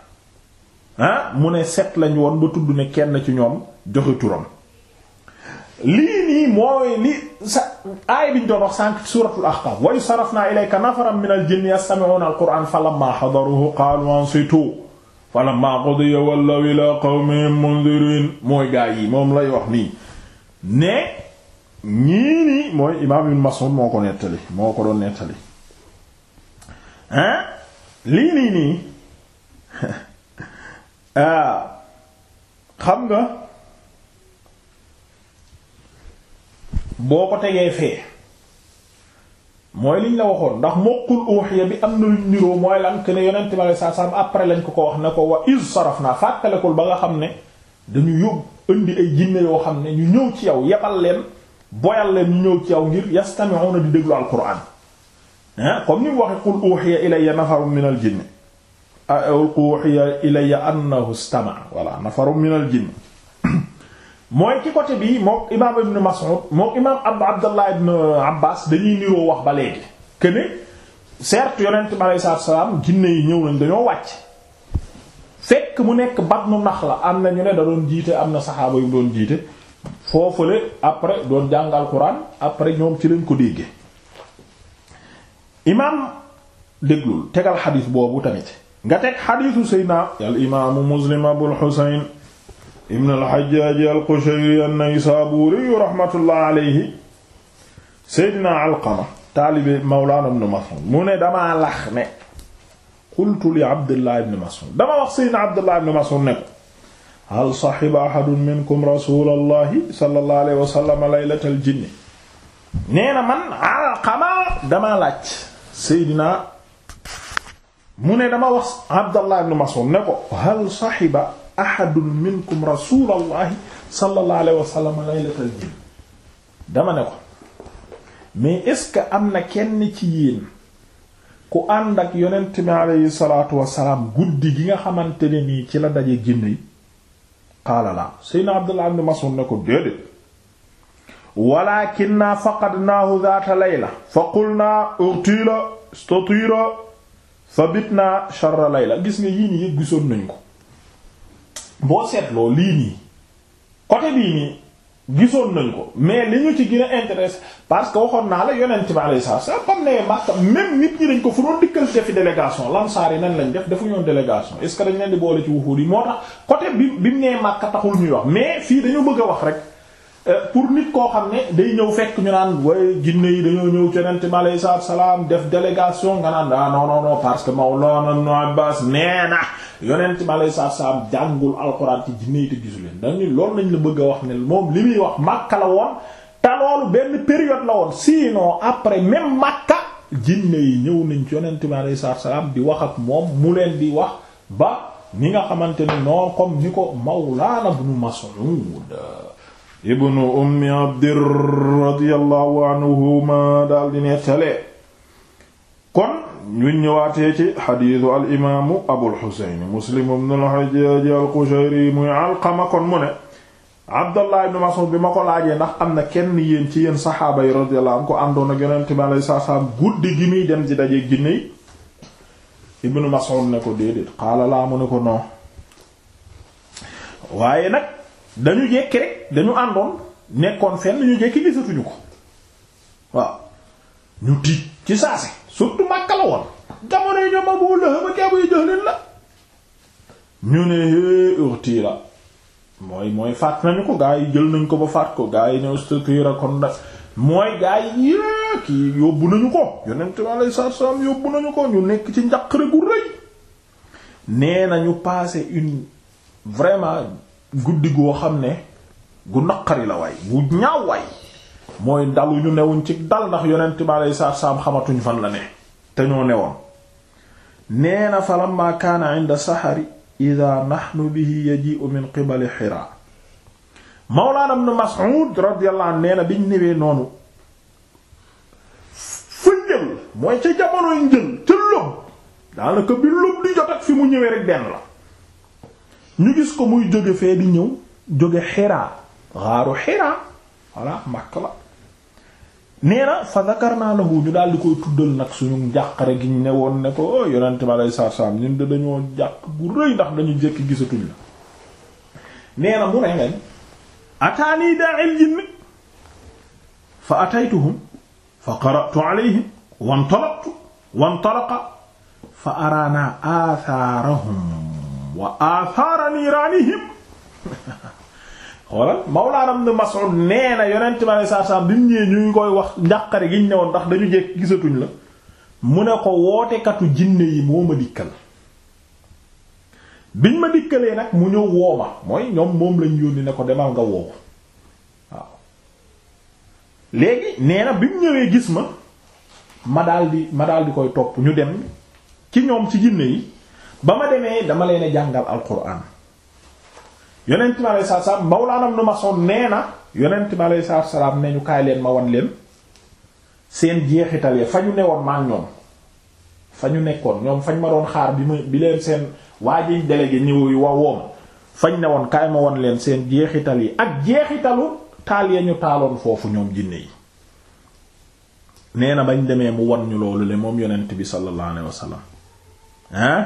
ah mu ne set lañ woon ba tudd ne kenn ci ñoom joxe turam lii nii mooy li sa aay biñ doon wax sànq suuratul ahqaaf wa sarafnaa ilayka nafaran minal jinni yastami'uuna al-qur'aan falammaa hadaruhu qaaluu ansituu falammaa qudiya wallaw ilaa qawmihim mundiriin mooy gaa yi moom lay wax nii ne ñii nii mooy imaam ibn Mas'ud moo ko nettali moo ko doon nettali hein lii nii nii (laughs) ah, xam nga boo ko tegee fee mooy liñ la waxoon ndax mokkul uhiya bi am na lu niroo mooy lan que ne yonent bi alayhi salaam après lañ ko ko wax ne ko wa iz sarafna fàttalekul ba nga xam ne dañu yóbbu indi ay jinne yoo xam ne ñu ñëw ci yow yebal leen boyal leen ñu ñëw ci yow ngir yastami'una di déglu alquran ah comme ni mu waxee qul uhiya ilayya nafarun minal jinni qul uhiya ilayya annahu istama'a wala nafarun minal jinni mooy ci côté bii mook imaam ibn Mas'ud mook imaam ab Abdallah ibn Abbas dañuy niroo wax ba léegi que ne certes yonent bi aleyhi salaatu salaam jinne yi ñëw nañ dañoo wàcc fekk mu nekk Badnu Naxla am na ñu ne da doon jiite am na saxaaba yu doon jiite foofule après doon jàngal Qur'an après ñoom ci lañ ko déggee imaam déglul tegal xadiis boobu tamit nga teg xadiisu Seydina al imaamu Muslim Abul Husayn ibn al-Hajjaj al-Qushayri an-Naysaburi rahmatullah alayhi Seydina Alqama taalibe Mawlana ibn Mas'ud mu ne damaa lax ne qultu li Abdullah ibn Mas'ud dama wax Seydina Abdullah ibn Mas'ud ne ko hal sahiba ahadun minkum rasulallahi sallallahu alayhi wa sallam laylatal jinni nee na man Alqama damaa laaj Seydina mu ne dama wax Abdullah ibn Mas'ud ne ko hal sahiba ahadun minkum rasulallahi sallallahu alayhi wa sallam laylatal jinn dama ne ko mais est-ce que am na kenn ci yéen ku ànd ak yonent bi aleyhi salaatu wasalaam guddi gi nga xamante ne nii ci la daje jinne yi qaala la seydna abdullah ibn mas'ud ne ko déedéet walakinna faqadnaahu zaata layla fa qulna urtila statira fa bitna sharra layla gis nga yii nii yëg gisoon nañ ko boo seetloo lii nii côté bii nii gisoon nañ ko mais li ñu ci gën a intéressé parce que waxoon naa la yonent bi alayhi salaatu salaam comme ne Makka même nit ñi dañ ko fu doon dikkal defi délégation lansaar yi nan lañ def defu ñoon délégation est ce que dañ leen di boole ci wuxuur yi moo tax côté bi bi mu nee Makka taxul ñuy wax mais fii dañu bëgg a wax rek pour nit koo xam ne day ñëw fekk ñu naan waaye jinne yi dañoo ñëw ci yonent bi salaam def délégation nga naan ah non non parce que Mawlana Ibn Abbas nee na yonent bi la bëgg a wax ne moom li muy wax Makka la woon te benn période la woon sinon après même Makka jinne yi ñëw nañ ci yonent bi salaam di wax ak moom mu leen di wax ba ni nga xamante ni noonu comme ni ko Mawlana ma Mas'ud ibnu ummi abdir radiyallahu anhuma daal di nettalee kon ñu ñëwaatee ci xadiisu al imaamu abul xuseyn muslim ibnu al xajjaaj al qushayri kon mu ne abdallah ibnu mas'ud bi ma ko laajee ndax am na kenn yéen ci yéen saxaaba yi radiyallahu anhu ko àndoon ak yonent bi alayhi guddi gi dem ci daje jinne yi ibnu ne ko déedéet xaala laa mu ne ko non waaye nag dañu jekki rek dañu àndoon nekkoon fenn ñu jekki gisatuñu ko waaw ñu tiit ci saase surtout Makka la woon jamonoy ñoom ñu ne eh, urtira mooy mooy faat nañu gaa yi jël nañ ko ba faat ko gaa yi ne ustatira kon nag mooy gaa yi yéeg eh, yi yóbbu nañu ko yonent bi alayhi salaatu salaam yóbbu nañu ko ñu nekk ci njaqare gu rëy nee na ñu passé une vraiment guddi goo xam ne gu naqari la waay bu ñaaw waay mooy daluñu newuñ ci dal ndax yonent bi aleyhi salaatu salaam xamatuñ fan la ne te ñoo newoon nee na fa lamma kaana inda saxari ida nahnu bihi yaji'u min qibali xiraa mawlaana ibn Mas'ud radiyallahu anhu nee na biñ newee noonu fa njël mooy ca jamonoy njël ca lëb daanaka bi lëb di jot ak fi mu ñëwee rek benn la ñu gis ko muy jóge fee di ñëw jóge xiraa xaaru xiraa voilà makk la nee na fa zakarna lahu ñu daal di koy tuddal nag suñu njàqare gi ne woon ne ko oh, yonent bi alei satu salaam ñun de dañoo jàq gu rëy ndax dañu jékki gisatuñ la nee mu ne leen ataanii da'il jinni fa ataytuhum fa qara'tu alayhim wa intalaqtu wa intalaqa fa araana athaarahum wa athaara niiraanihim xoolal Mawlaana Ibn Mas'ud nee na yonent bi alayhi salaatu salaam bi mu ñu ngi koy wax njàqare gi ñu ndax dañu jekk gisatuñu la mu ne ko wootekatu jinne yi moo ma dikkal biñ ma dikkalee nag mu ñëw wooma mooy ñoom moom lañ yónni ne ko demal nga woo waaw léegi nee bi mu ñëwee gis ma ma daldi ma daldi koy topp ñu dem ci ñoom ci jinne yi ba ma demee dama leen a jàngal alquran yonent mi alayhi salaatu salaam Mawlaana Ibn Mas'ud nee na yonent mi alayhi salaatu salaam ne ñu kaay leen ma wan leen seen jeexital yi fañ ne woon maa ñoom nekkoon ñoom fañ ma doon xaar bi ma seen waa jiñ ñëw yi fañ newoon kaay ma wan leen seen jeexital yi ak jeexitalu taal ya ñu taaloon foofu ñoom jinne yi nee na bañ demee mu wan ñu loolu le moom yonent bi sallallahu alayhi wasallam hein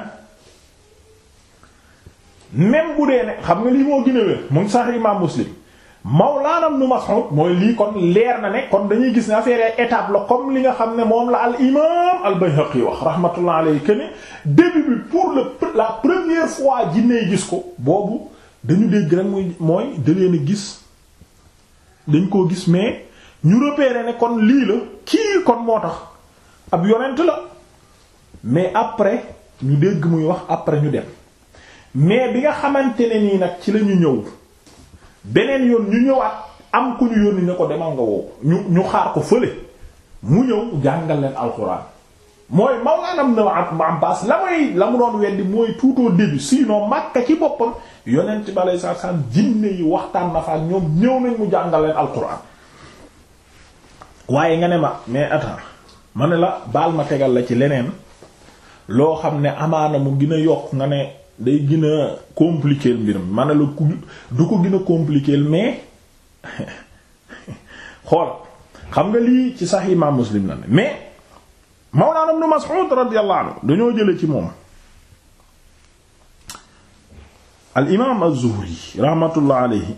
même bu dee ne xam nga lii moo gën a wér mu ngi sax imaam muslim mawlaana Ibn Mas'ud mooy lii kon leer na ne kon dañuy gis ne affaire ay étape la comme li nga xam ne moom la al imaam al Bayhaqi wax rahmatullah alayhi que ne début bi pour le la première fois jinne gis ko boobu dañu dégg rek muy mooy da leen gis dañ koo gis mais ñu repérer ne kon lii la kii kon moo tax ab yonent la mais après ñu dégg muy wax après ñu dem. mais bi nga xamante ne nii nag ci la ñu ñëw beneen yoon ñu ñëwaat am ku ñu yónni ne ko demal nga woo ñu ñu xaar ko fële mu ñëw jàngal leen alxuraan mooy mawlaanam na Abbaas la mooy la doon weddi mooy tout au début ci boppam yonent bi alayhi salaatu salaam jinne waxtaan na fa ñëw nañ mu jàngal leen waaye nga ne ma mais attends ma ne la baal ma tegal la ci leneen loo xam ne amaana mu gën a yokk nga ne. day gën a compliquer mbir mi ma ne la ku du ko gën a compliquer (laughs) xool xam nga lii ci sax imaam muslim la ne mais Mawlaana Ibn Mas'ud radiyallahu anhu dañoo jële ci moom al imaam az-Zuhri rahmatullah alayhi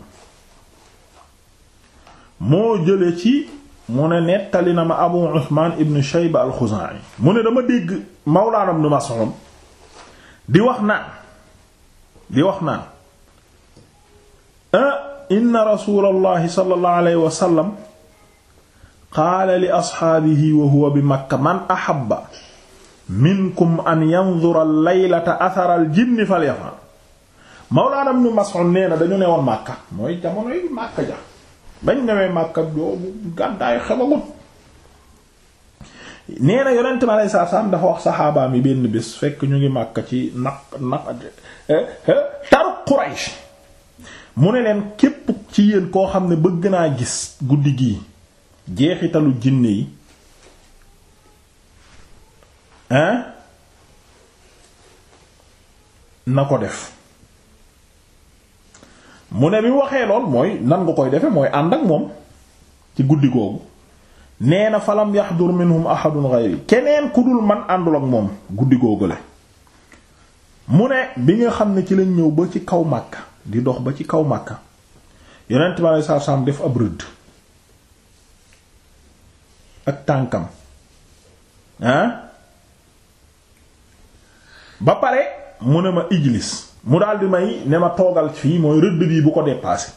moo jële ci mu ne nettali na ma Abu Usmaan ibn Shayba al-Xuzaa'i mu ne dama dégg Mawlaana Ibn Mas'ud di wax naan di wax naan ah, inna rasulallahi sallallahu alayhi wa sallam qaala li asxaabihi wa huwa bi makka man ahabba minkum an yanzura laylata athara al jinni falyafal mawlaana ibn Mas'ud nee na dañu ne woon màkka mooy jamonoy màkka ja bañ newee màkka doobu gàddaay xebagut nee na yonent mi aleyhi salaatu salaam dafa wax saxaabaam yi benn bés fekk ñu ngi Makka ci naq naq eh, eh, taru Quraysh mu ne leen képp ci yéen koo xam ne bëgg naa gis guddi gii jeexitalu jinne yi hein na ko def mu ne bi waxee lool mooy nan nga koy defe mooy ànd ak moom ci guddi googu nee na falam yaxdur minhum ahadun ghayri keneen ku dul man àndul ak moom guddi la mu ne bi nga xam ne ci lañ ñëw ba ci kaw Makka di dox ba ci kaw Makka yonent bi aleyhi salaatu salaam def ab rëdd ak tànkam ah ba pare mu ne ma ijlis mu dal di may ne ma toogal fii mooy rëdd bii bu ko dépassé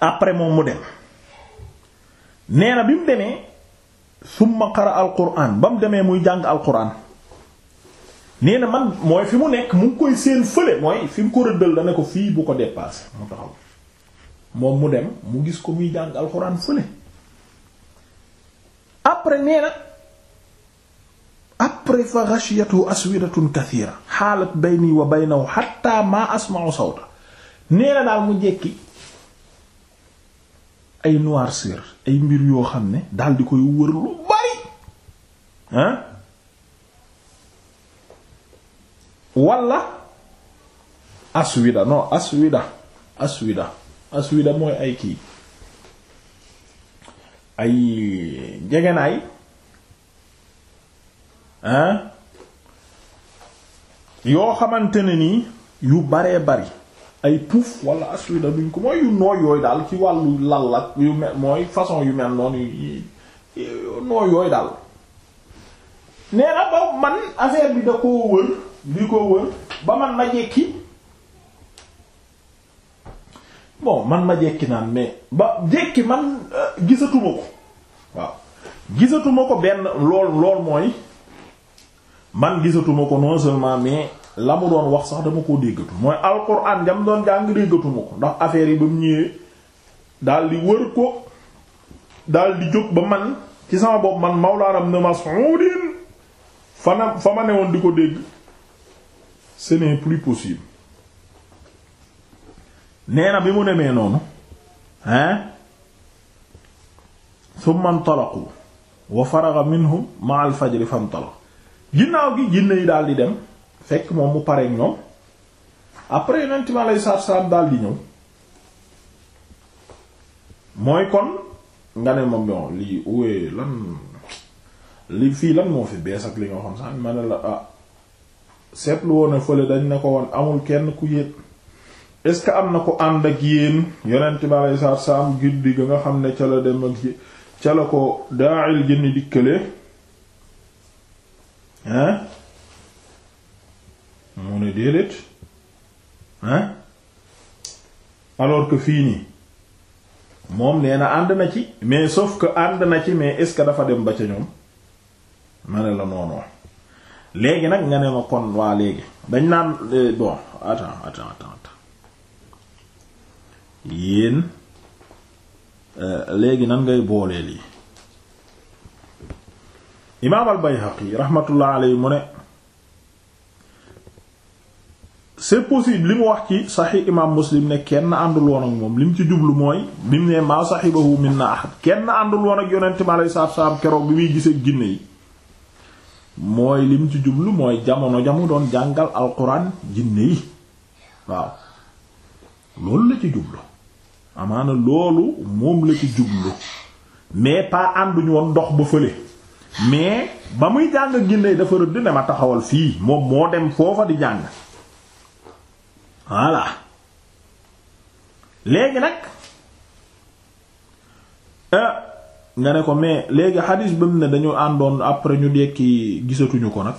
après moom mu dem nee bi mu demee summa qara al quraan ba mu demee muy jàng al quraan nee man mooy fi mu nekk mu ngi koy seen fële mooy fi mu ko rëddal dana ko fii bu ko dépassé mu taxaw moom mu dem mu gis ko muy jàng al quraan fële après nee na après fa ghashiyatu aswidatun kathira xaalat bayni wa baynahu hatta ma asma'u sawta nee daal mu jekki ay noirceur ay mbir yoo xam ne daal di koy wër lu bari hein walla aswida non aswida aswida aswida mooy ay kii ay njegenaay hein yoo xamante ne nii yu baree bari ay puuf wala aswida duñ ko mooy yu nooy yooyu daal ci wàllu lal la yu mooy façon yu mel noonu nooy yooyu daal nee na ba man affaire bi da koo wër di ko wër ba man ma jekki bon man ma jekki naan mais ba jekki man euh, gisatuma ko waaw gisatuma ko benn lool lool mooy man gisatuma ko non seulement mais la mu doon wax sax dama koo déggatu mooy alquran jam doon jàng déggatuma ko ndax affaire yi ba mu ñëwee daal di wër ko daal di jóg ba man ci sama bopp man Mawlaana na Mas'ud fana fa ma ne woon di ko dégg ce n'est plus possible nee na bi mu demee noonu hein thumma intalaqu wa faraga minhum ma al fajri fantalaq ginnaaw gi jinne yi daal di dem fekk moom mu pareek ñoom après yonent mi aleyhi salaatu salaam dal di ñëw mooy kon nga ne ma bon lii uwee lan li fii lan moo fi bees ak li nga xam sax ma ne la ah seetlu woon a fële dañ ne ko woon amul kenn ku yéen est-ce que am na ko ànd ak yéen yonent mi aleyhi salaatu salaam guddi ga nga xam ne ca la dem ak ca la ko daa'il jinni dikkale hein ne déedéet hein alors fii nii moom nee na ànd na ci mais sauf que ànd na ci mais est-ce que dafa dem ba ca ñoom ma ne la noonu léegi nag nga ne ma kon waa léegi dañ naan euh, bon attends attends attends yéen euh, léegi nan ngay booleel yi imaam al Bayhaqi rahmatullah alayhi mu ne c'est possible li mu wax ci saxi imam muslim ne kenn àndul woon ak moom li mu ci jublu mooy bi mu ne maa saxibahu minna ahad kenn àndul woon ak yonent mi aleyhi salaatu keroog bi muy gisee ginne yi mooy li ci jublu mooy jamono jamu doon jàngal alquran jinne la ci jublu amaana loolu moom ci jublu mais pas ànduñu ndox ba fële mais ba muy jàng ginne yi dafa rëdd ne ma taxawal fii moom moo dem foofa di jàng voilà léegi nag euh, nga ne ko mais léegi xadis ba mu ne dañu àndoon après ñu dekki gisatuñu ko nag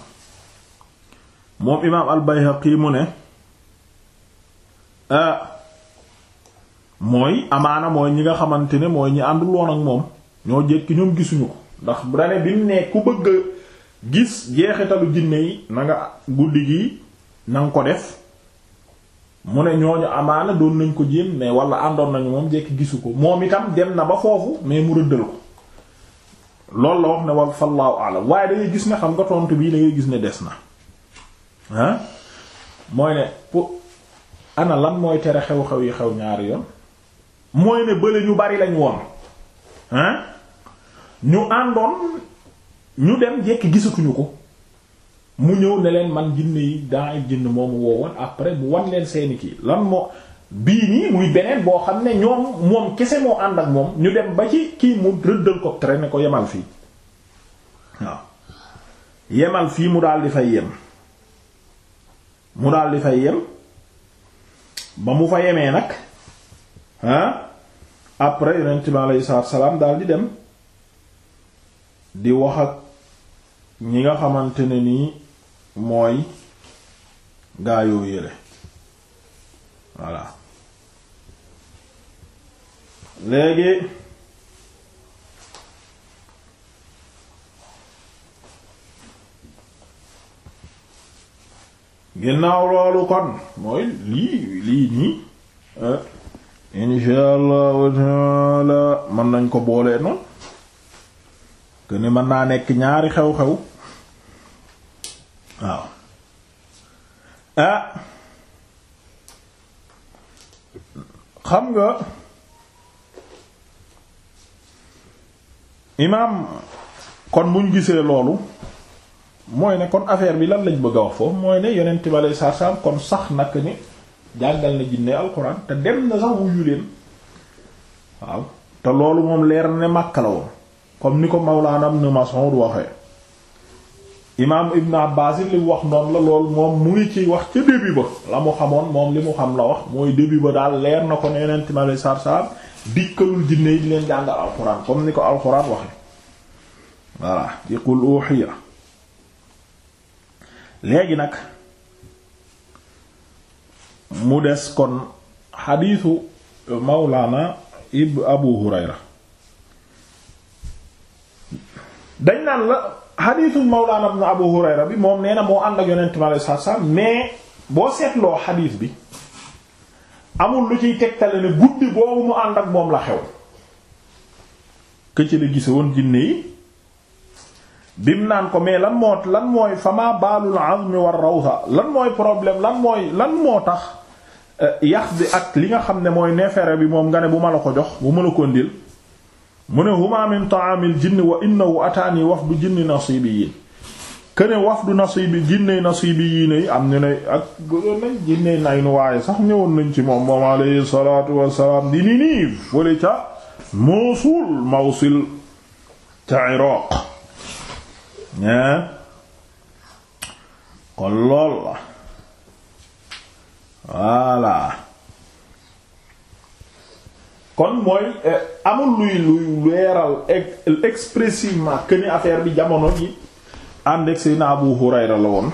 moom imaam al-Bayhaqi mu ne euh, mooy amaana mooy ñi nga xamante ne mooy ñi àndul woon ak moom ñoo jékki ñoom gisuñu ko ndax dane bi mu ne ku bëgg gis jeexitalu jinne yi na guddi gi nanga ko def mu ne ñooñu amaana doon nañ ko jéem mais wala àndoon nañu moom jekki gisu ko moom itam dem na ba foofu mais mu rëddal ko loolu la wax ne wal fallaahu alam waaye da gis ne xam nga tontu bii la ngay gis ne des na ah mooy ne pour ana lan mooy tere xew-xew yi xew ñaari yoon mooy ne bële ñu bari lañ woon ah ñu àndoon ñu dem jekki gisatuñu ko mu ñëw ne leen man jinne yi daa ay jinne moomu woowoon après mu wan leen seeni kii lan moo bii nii muy beneen boo xam ne ñoom moom kese moo ànd ak moom ñu dem ba ci kii mu rëddal ko traîné ko yemal fii waaw yemal fii mu daal di fay yem mu daal di fay yem ba mu fa yemee nag ah après yonent bi aleyhi salaam daal di dem di wax ak ñi nga xamante ne nii mooy gaayoo yële voilà léegi ginnaaw loolu kon mooy lii lii nii euh, insha allahu taala nañ ko boolee noonu que ni mën naa nekk ñaari xew-xew waaw ah. xam nga imaam kon buñ gisee loolu mooy ne kon affaire bi lan lañ bëgg a wax foofu mooy ne yonent bi aleyhi salaatu kon sax nak ni jàngal na jinne alxuraan te dem na sax wuyu leen waaw te loolu moom leer na ne Makka la woon comme ni ko Mawlaana Ibn Mas'ud waxee imaam Ibn Abbas li mu wax noonu la loolu moom mu ngi ci wax ca début ba la mu xamoon moom li mu xam la wax mooy début ba daal leer na ko ne time alay saab dikkalul jinne yi di leen jàngal alxuraan comme ni ko alxuraan waxe voilà ci qul uhiya léegi nag mu des kon xadiisu Mawlaana ib Abu Hurayra dañ naan la xadiisu Mawlaana ibn Abu Hurayra bi moom nee na moo ànd ak yonent mi alayhi salaatu mais boo seetloo xadiis bi amul lu ciy tegtale ne guddi boobu mu ànd ak moom la xew këcc la gise woon jinne yi mu naan ko mais lan moo lan mooy fama baalul azmi war raw rawsa lan mooy problème lan mooy lan moo tax eh, yax bi ak li nga xam ne mooy neefere bi moom nga ne bu ma la ko jox mu mën a ko ndil mu ne huma min ta'amil jinni wa innahu ataani wafdu jinni nasibiyin këne wafdu nasibi jinne ak nay nu waaye sax ñëwoon nañ ci moom moom alayhi salaatu wassalaam di Ninive wala ca Mosul Mawsil ca Iraq kon lool la voilà kon mooy eh, amul luy luy leeral expressivement que ni affaire bi jamono ji ànd ak Seydina Abu Hurayra la woon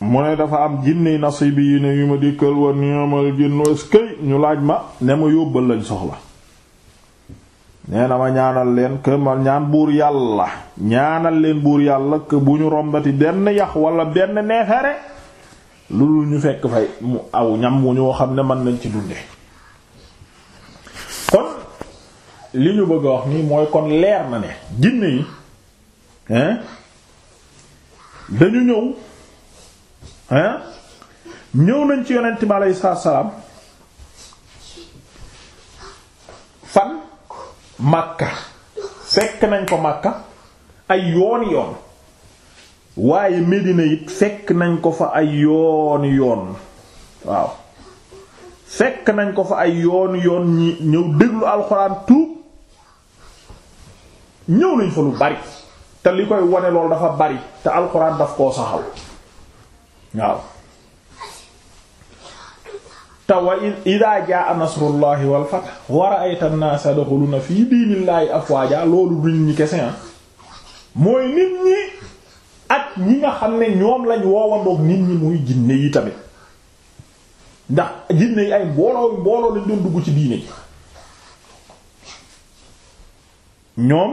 mu ne dafa am jinne nasibi yi ne yu ma dikkal wa ni'mal jinn kay ñu laaj ma ne ma yóbbal lañ soxla nee na ma ñaanal leen que ma ñaan buur yàlla ñaanal leen buur yàlla que bu ñu rombati benn yax walla benn neefere lu ñu fekk fay mu aw ñam wu ñoo xam ne mën nañ ci dunde kon li ñu bëgg a wax nii mooy kon leer na ne jinne yi dañu ñëw hein ñëw nañ ci yonent bi aleyhi salaam fan Makka fekk nañ ko Makka ay yooni yoon waaye Medina it fekk nañ ko fa ay yooni yoon waaw fekk nañ ko fa ay yoon yoon ñi ñëw déglu alxuraan tuub ñëw nañ fa lu bari te li koy wone loolu dafa bari te alxuraan daf koo saxal waaw te wa idaa jaa nasrullahi wal fath wa ra'ayta an-naasa yadxuluuna fii diinillaahi afwaajaa loolu duñ ñi kese ah. mooy nit ñi ak ñi nga xam ne ñoom lañ woowandoog nit ñi muy jinne yi tamit ndax jinne yi ay mbooloo mbooloo lañ doon ci diine ji ñoom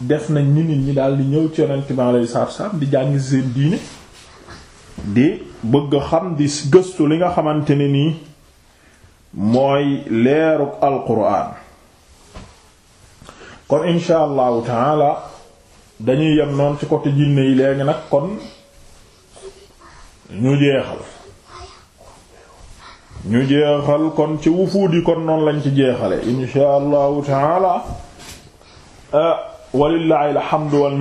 def nañ ni ñi daal di ñëw ci yonent bi alayhi salaatu salaam di jàng seen diine di bëgg xam di gëstu li nga xamante ne nii mooy leerug alquran kon insha allahu taala dañuy yem noonu ci côté jinne yi léegi nag kon ñu jeexal ñu jeexal kon ci wufuud yi kon noonu lañ ci jeexale insha allahu taala ah, walillahi alhamdu wal